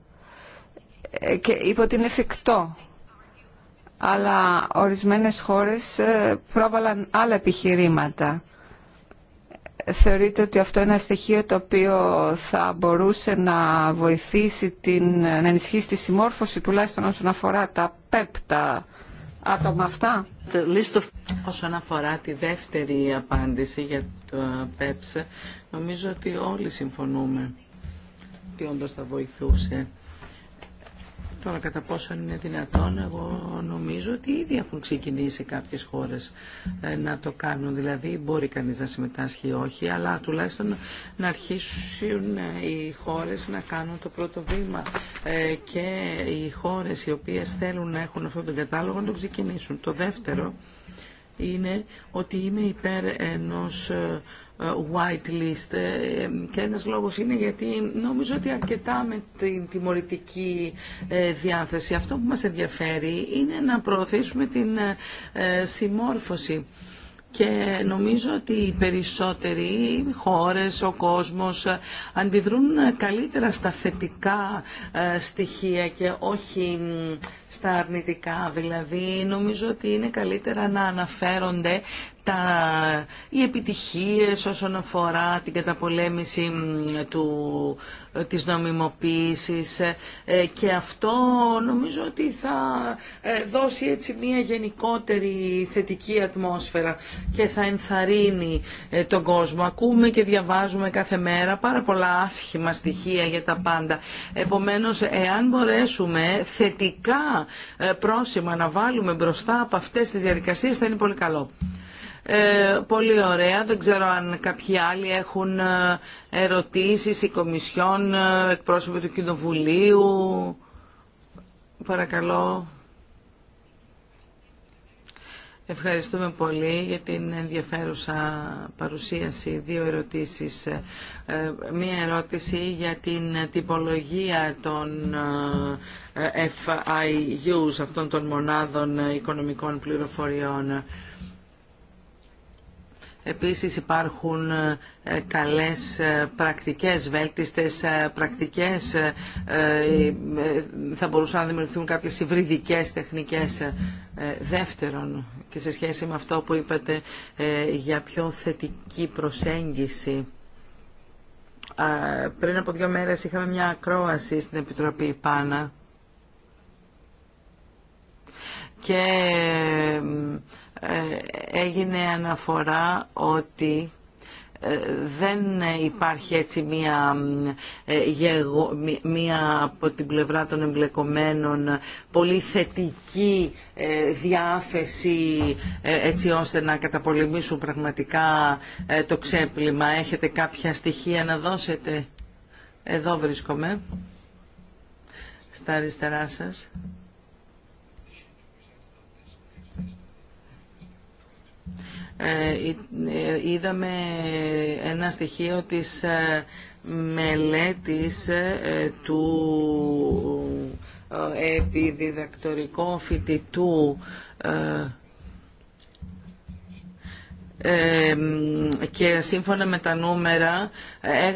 Ε, και είπε ότι είναι εφικτό. Αλλά ορισμένες χώρες ε, πρόβαλαν άλλα επιχειρήματα. Θεωρείτε ότι αυτό είναι ένα στοιχείο το οποίο θα μπορούσε να βοηθήσει, την, να ενισχύσει τη συμμόρφωση τουλάχιστον όσον αφορά τα πέπτα άτομα αυτά. Όσον αφορά τη δεύτερη απάντηση για το ΠΕΠΣ, νομίζω ότι όλοι συμφωνούμε ότι όντως θα βοηθούσε Τώρα κατά πόσο είναι δυνατόν, εγώ νομίζω ότι ήδη έχουν ξεκινήσει κάποιες χώρες ε, να το κάνουν. Δηλαδή μπορεί κανείς να συμμετάσχει ή όχι, αλλά τουλάχιστον να αρχίσουν ε, οι χώρες να κάνουν το πρώτο βήμα ε, και οι χώρες οι οποίες θέλουν να έχουν αυτόν τον κατάλογο να το ξεκινήσουν. Το δεύτερο είναι ότι είμαι υπέρ ενός ε, white list ε, και ένας λόγος είναι γιατί νομίζω ότι αρκετά με την τιμωρητική ε, διάθεση αυτό που μας ενδιαφέρει είναι να προωθήσουμε την συμμόρφωση και νομίζω ότι οι περισσότεροι χώρες, ο κόσμος αντιδρούν καλύτερα στα θετικά στοιχεία και όχι στα αρνητικά. Δηλαδή νομίζω ότι είναι καλύτερα να αναφέρονται τα, οι επιτυχίες όσον αφορά την καταπολέμηση του, της νομιμοποίησης ε, ε, και αυτό νομίζω ότι θα ε, δώσει έτσι μια γενικότερη θετική ατμόσφαιρα και θα ενθαρρύνει τον κόσμο. Ακούμε και διαβάζουμε κάθε μέρα πάρα πολλά άσχημα στοιχεία για τα πάντα. Επομένως, εάν μπορέσουμε θετικά πρόσημα να βάλουμε μπροστά από αυτές τις διαδικασίες θα είναι πολύ καλό. Ε, πολύ ωραία. Δεν ξέρω αν κάποιοι άλλοι έχουν ε, ερωτήσεις, η Κομισιόν, ε, εκπρόσωποι του Κοινοβουλίου. Παρακαλώ. Ευχαριστούμε πολύ για την ενδιαφέρουσα παρουσίαση. Δύο ερωτήσεις. Μία ερώτηση για την τυπολογία των FIUs, αυτών των μονάδων οικονομικών πληροφοριών. Επίσης υπάρχουν ε, καλές ε, πρακτικές, βέλτιστες ε, πρακτικές, θα μπορούσαν να δημιουργηθούν κάποιες υβριδικές τεχνικές δεύτερον και σε σχέση με αυτό που είπατε για πιο θετική προσέγγιση. Πριν από δύο μέρες είχαμε μια ακρόαση στην Επιτροπή ΠΑΝΑ και ε, έγινε αναφορά ότι ε, δεν υπάρχει έτσι μία, ε, μία από την πλευρά των εμπλεκομένων πολύ θετική διάθεση έτσι ώστε να καταπολεμήσουν πραγματικά το ξέπλυμα. Έχετε κάποια στοιχεία να δώσετε. Εδώ βρίσκομαι, στα αριστερά σας. Ε, ε, είδαμε ένα στοιχείο της ε, μελέτης του επιδιδακτορικού φοιτητού και σύμφωνα με τα νούμερα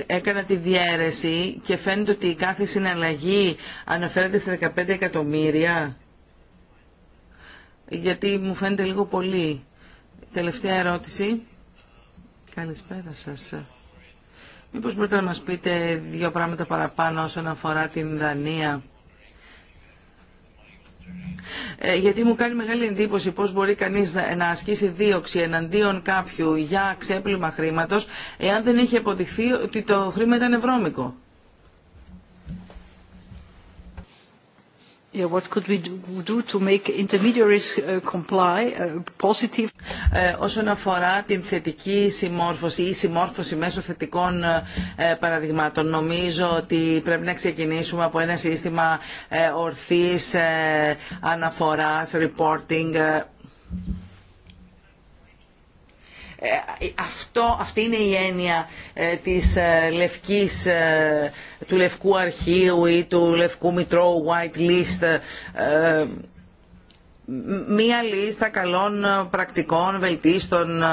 έκανα τη διαίρεση και φαίνεται ότι η κάθε συναλλαγή αναφέρεται στα 15 εκατομμύρια γιατί μου φαίνεται λίγο πολύ. Τελευταία ερώτηση. Καλησπέρα σας. Μήπως μπορείτε να μας πείτε δύο πράγματα παραπάνω όσον αφορά την Δανία. Ε, γιατί μου κάνει μεγάλη εντύπωση πώς μπορεί κανείς να ασκήσει δίωξη εναντίον κάποιου για ξέπλυμα χρήματος εάν δεν έχει αποδειχθεί ότι το χρήμα ήταν ευρώμικο. What Όσον αφορά την θετική συμμόρφωση ή συμμόρφωση μέσω θετικών ε, παραδειγμάτων, νομίζω ότι πρέπει να ξεκινήσουμε από ένα σύστημα ε, ορθής ε, αναφοράς, reporting, ε, αυτή είναι η έννοια ε, της ε, λευκής, του λευκού αρχείου ή του λευκού μητρώου white list μία λίστα καλών πρακτικών, βελτίστων,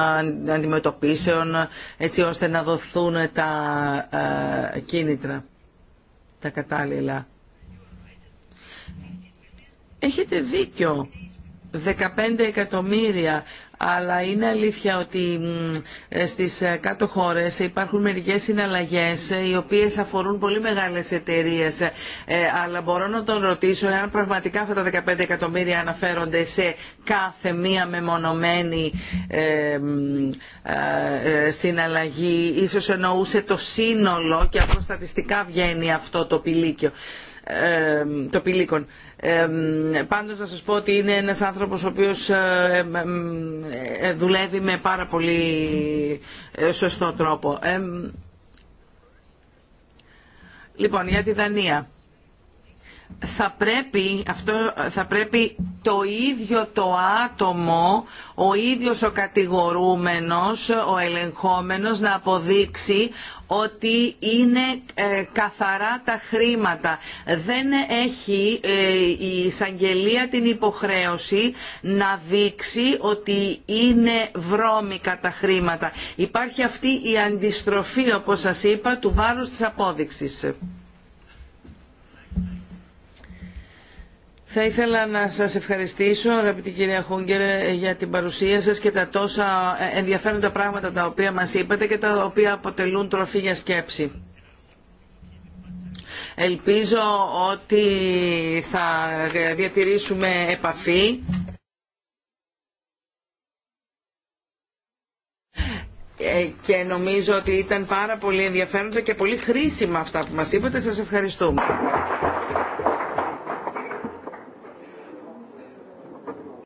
αντιμετωπίσεων, έτσι ώστε να δοθούν τα κίνητρα, τα κατάλληλα. Έχετε δίκιο. 15 εκατομμύρια αλλά είναι αλήθεια ότι ε, στις ε, κάτω χώρες υπάρχουν μερικές συναλλαγές ε, οι οποίες αφορούν πολύ μεγάλες εταιρείες αλλά μπορώ να τον ρωτήσω εάν πραγματικά αυτά τα 15 εκατομμύρια αναφέρονται σε κάθε μία μεμονωμένη συναλλαγή ίσως εννοούσε το σύνολο και από στατιστικά βγαίνει αυτό το πηλίκιο το πηλίκον. Πάντως να σας πω ότι είναι ένας άνθρωπος ο οποίος ε, ε, δουλεύει με πάρα πολύ ε, σωστό τρόπο. Λοιπόν, για τη Δανία θα πρέπει, αυτό, θα πρέπει το ίδιο το άτομο, ο ίδιος ο κατηγορούμενος, ο ελεγχόμενος να αποδείξει ότι είναι ε, καθαρά τα χρήματα. Δεν έχει ε, η εισαγγελία την υποχρέωση να δείξει ότι είναι βρώμικα τα χρήματα. Υπάρχει αυτή η αντιστροφή, όπως σας είπα, του βάρους της απόδειξης. Θα ήθελα να σας ευχαριστήσω, αγαπητή κυρία Χούγκερ, για την παρουσία σας και τα τόσα ενδιαφέροντα πράγματα τα οποία μας είπατε και τα οποία αποτελούν τροφή για σκέψη. Ελπίζω ότι θα διατηρήσουμε επαφή. Ε, και νομίζω ότι ήταν πάρα πολύ ενδιαφέροντα και πολύ χρήσιμα αυτά που μας είπατε. Σας ευχαριστούμε.